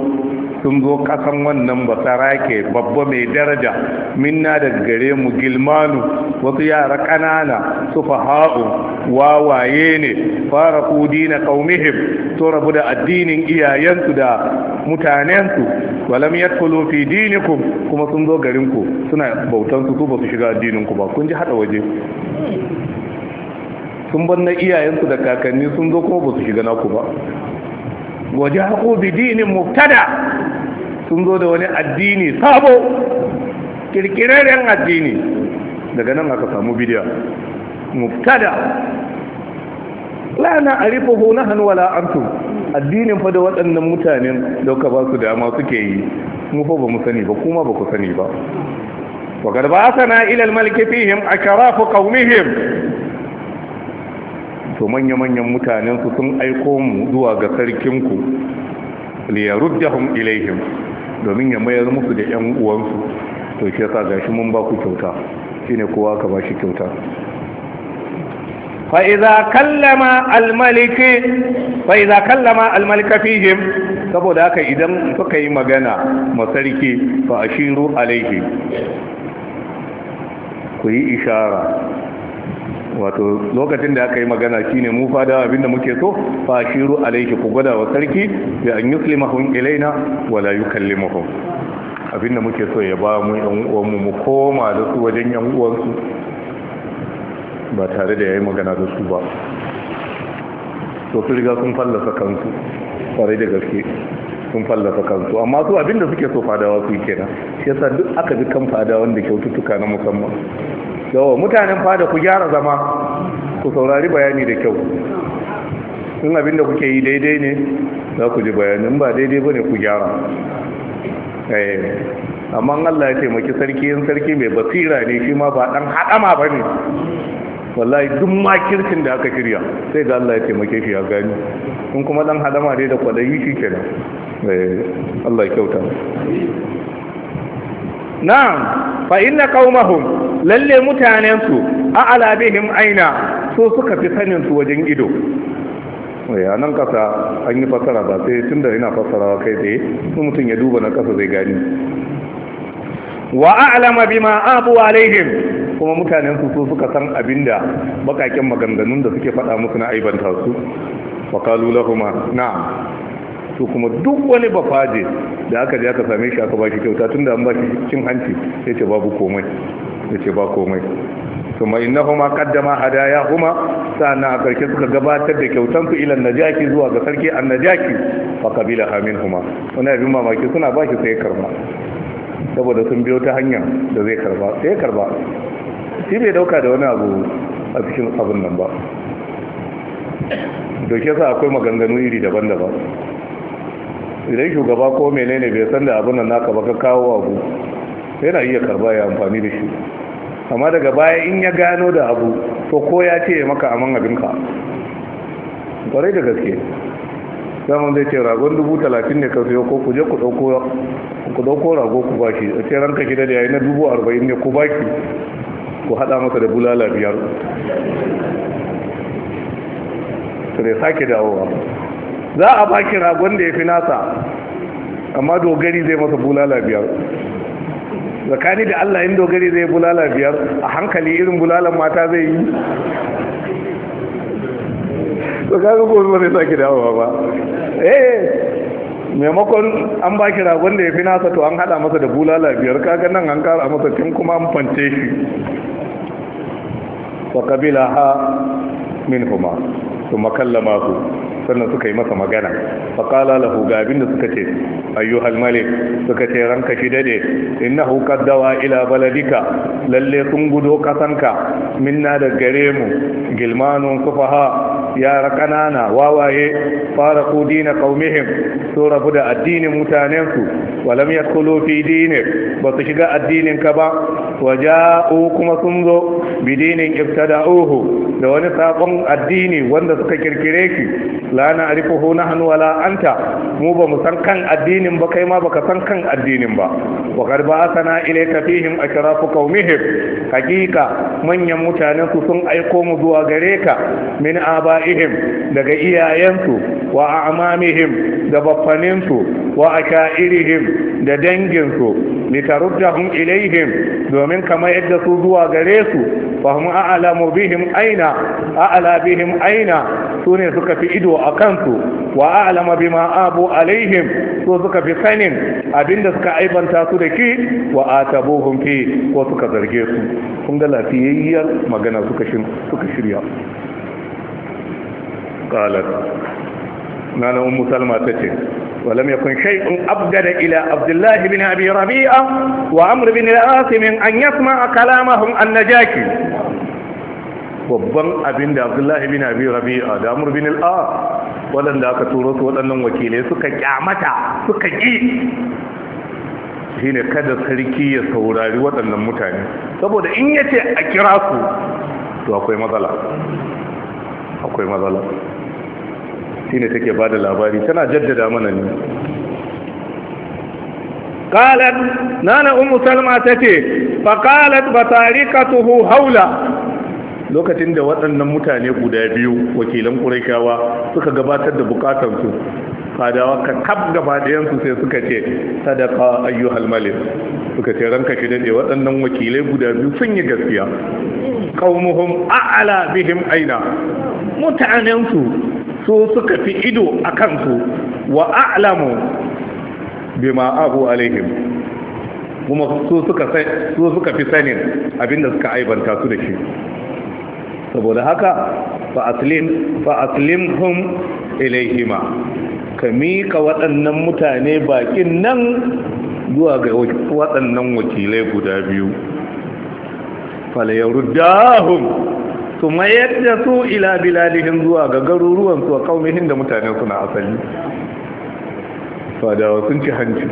sun zo kasan wannan basarake babba mai daraja minna da gare mu gilmanu wasu yara kanana su faha'u wawaye ne fara kudi na kaumihim to rabu da addinin iyayensu da mutanensu walam kulo fi dinikum kuma sun zo garinku suna bautan su ba su shiga addininku ba kun ji hada waje sun bar na iyayensu da kakanni sun zo kuma ba su shiga naku ba waje bi dinin mubtada sun zo da wani addini sabo kirkireren addini daga nan aka samu bidiya mubtada lana a rifahu na wala antum addinin fa da waɗannan mutanen dauka ba su dama suke yi mu fa ba mu sani ba kuma ba ku sani ba wa garba asana ila al-malik fihim asharafu qaumihim to manya-manyan mutanensu sun aiko mu zuwa ga sarkinku liyaruddahum ilaihim domin ya mayar musu da 'yan uwansu to shi yasa gashi mun ba ku kyauta shine kowa ka ba shi kyauta fa idza kallama al-malik fa idza kallama al-malik fihim saboda haka idan suka yi magana masarki fa ashiru alaihi ku yi ishara wato lokacin da aka yi magana shine mu fada abinda muke so fa shiru alayhi ku gwada wa sarki ya an yuslimahum ilaina wala yukallimuhum abinda muke so ya ba mu yan uwanmu mu koma da su wajen yan uwansu ba tare da yayi magana da su ba to su riga sun fallasa kansu kwarai da gaske sun fallasa kansu amma su abinda suke so fadawa su kenan shi yasa duk aka bi kan fadawan da kyaututtuka na musamman yawa mutanen fada ku gyara zama ku saurari bayani da kyau sun abin da kuke yi daidai ne za ku ji bayanin ba daidai ba ne ku gyara eh, amma Allah ya taimaki sarki yin sarki mai basira ne shi ma ba dan haɗama ba ne wallahi duk makircin da aka shirya sai da Allah ya taimake shi ya gani kun kuma dan haɗama dai da kwadayi shi nan. Eh, Allah ya kyauta fa'in na kawo lalle mutanensu a alabihim aina so suka fi su wajen ido a nan kasa an yi fasara ba sai tun da yana fasarawa kai tsaye su mutum ya duba na kasa zai gani wa a'lama bima abu alaihim kuma mutanensu so suka san abinda bakaken maganganun da suke fada musu na aibanta su wa kalu lahuma na'am to kuma duk wani bafaje da aka je aka same shi aka ba shi kyauta tun da an ba shi cin hanci sai ce babu komai ta ce ba komai kuma kaddama hadaya hadayahuma sannan a karshe suka gabatar da kyautan ku ila najaki zuwa ga sarki annajaki fa qabila huma. wannan abin mamaki suna ba shi sai karba saboda sun biyo ta hanya da zai karba sai karba shi bai dauka da wani abu a cikin abin nan ba doke sa akwai maganganu iri daban-daban idan shugaba ko menene bai san da abin nan naka ba ka kawo abu yana iya karba ya amfani da shi amma daga baya in ya gano da abu to ko ya ce maka a man abinka Bare da gaske zaman zai ce ragon dubu talatin ne kan siyo ko ku je ku ɗauko rago ku baki a ce ranka gida da yayi na dubu arba'in ne ku baki ku haɗa masa da bulala biyar su ne sake dawowa za a baki ragon da ya fi nasa amma dogari zai masa bulala biyar zakani da Allah in dogari zai bulala biyar a hankali irin bulalan mata zai yi zakanin gobe ba zai sake dawowa ba eh maimakon an ba kira ragon da ya fi nasa to an hada masa da bulala biyar kaga nan an kara masa tun kuma an fance shi wa kabila ha min kuma, su makalla masu. sannan suka yi masa magana faqala lahu ga abinda suka ce ayyuhal malik suka ce ranka shi dade innahu qad dawa ila baladika lalle sun gudo kasanka minna da gare mu gilmanun sufaha yara kanana wawaye fara ku dina qaumihim su rabu da addinin mutanensu walam yadkhulu fi dinik ba su shiga addinin ka ba waja'u kuma sun zo bidinin ibtada'uhu da wani sabon addini wanda suka kirkire ki la na hannu wala anta mu ba mu san kan addinin ba kai ma baka san kan addinin ba wa qad ba'athana ilayka fihim ashrafu qaumihim hakika manyan mutanen ku sun aiko mu zuwa gare ka min aba'ihim daga iyayensu wa a'mamihim da baffaninsu wa asha'irihim da danginsu litaruddahum ilaihim domin kamar yadda su zuwa gare su fa hum bihim aina bihim aina su ne suka fi ido a kansu wa a'lama bima abu alaihim so suka fi sanin abinda suka aibanta su da ki wa atabuhum fi ko suka zarge su kun ga lafiyayyar magana suka shin suka shirya qalat nana ummu salma tace ولم يكن شيء أبدل إلى عبد الله بن أبي ربيعة وعمر بن العاصم أن يسمع كلامهم النجاكي babban abin da abdullahi bin abi rabi'a da amur bin al'ar waɗanda aka turo su waɗannan wakilai suka kyamata suka ƙi shi ne kada sarki ya saurari waɗannan mutane saboda in ya ce a kira su to akwai matsala akwai matsala shi ne take ba da labari tana jaddada mana ne قالت نانا أم سلمة تتي فقالت بطاركته هولا lokacin da waɗannan mutane guda biyu wakilan ƙuraikawa suka gabatar da bukatarsu fadawa ka kaf gaba ɗayansu sai suka ce sadaka ayyuhal halmalin suka ce ranka shi daɗe waɗannan wakilai guda biyu sun yi gaskiya kaumuhum a'ala bihim aina mutanensu su suka fi ido a kansu wa a'lamu bima abu alaihim kuma su suka fi sanin abinda suka aibanta su da shi saboda haka fa aslim fa ilaihima ka mika waɗannan mutane baƙin nan zuwa ga waɗannan wakilai guda biyu dahun su mayar da su ilabilalihin zuwa ga garuruwansu a kaumihin da mutane suna asali fadawa sun ci hanci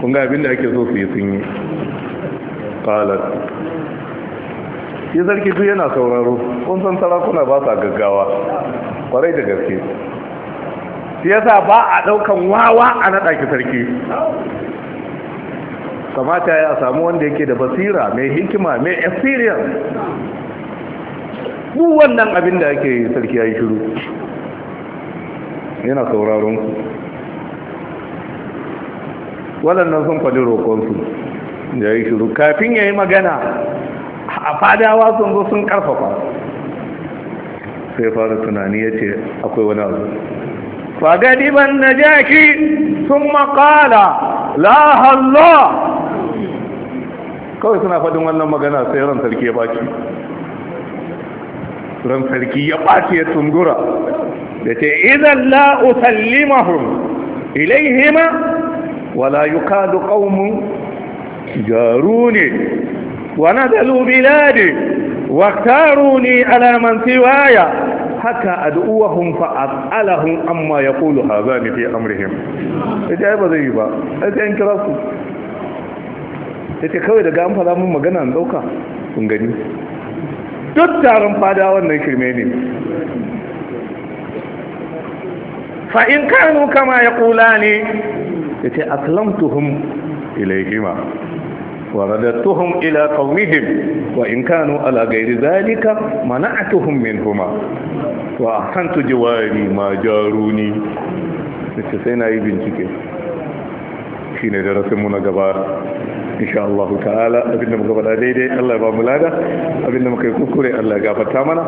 kun ga abin da ake so su yi sun yi shi zarki duk yana sauraro kun san sarakuna ba sa gaggawa kwarai da gaske shi yasa ba a daukan wawa a naɗa ki sarki kamata ya samu wanda yake da basira mai hikima mai experience duk wannan abin da yake sarki ya yi shiru yana sauraron ku waɗannan sun faɗi roƙonsu da ya yi shiru kafin ya yi magana a fadawa sun zo sun karfafa sai fara tunani ya ce akwai wani abu fagadiban na jaki sun makala la hallo kawai suna faɗin wannan magana sai ran sarki ya baki ran sarki ya baki ya tungura da ce idan la usallimahum ilaihima wala yukadu qaumun jaruni ونزلوا بلادي واختاروني على من سوايا حتى أدعوهم فأسألهم أما يقول هذان في أمرهم إذا إجابة ذيبا إذا أنك رأسي إذا كوي دقاء أنفذ أمم مغانا أندوكا ungani duk taron fada wannan shirme ne fa'in kanu kama ya kula aslamtuhum ilaihima ورددتهم إلى قومهم وإن كانوا على غير ذلك منعتهم منهما وأحسنت جواري ما جاروني نتسينا أي بنتك شين درسمنا قبار insha Allah ta'ala abinda muka faɗa daidai Allah ya ba mu lada abinda muka yi kukure Allah ya gafarta mana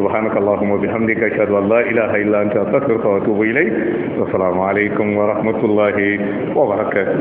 subhanaka allahumma bihamdika ashhadu an la ilaha illa anta astaghfiruka wa atubu wa alaikum wa rahmatullahi wa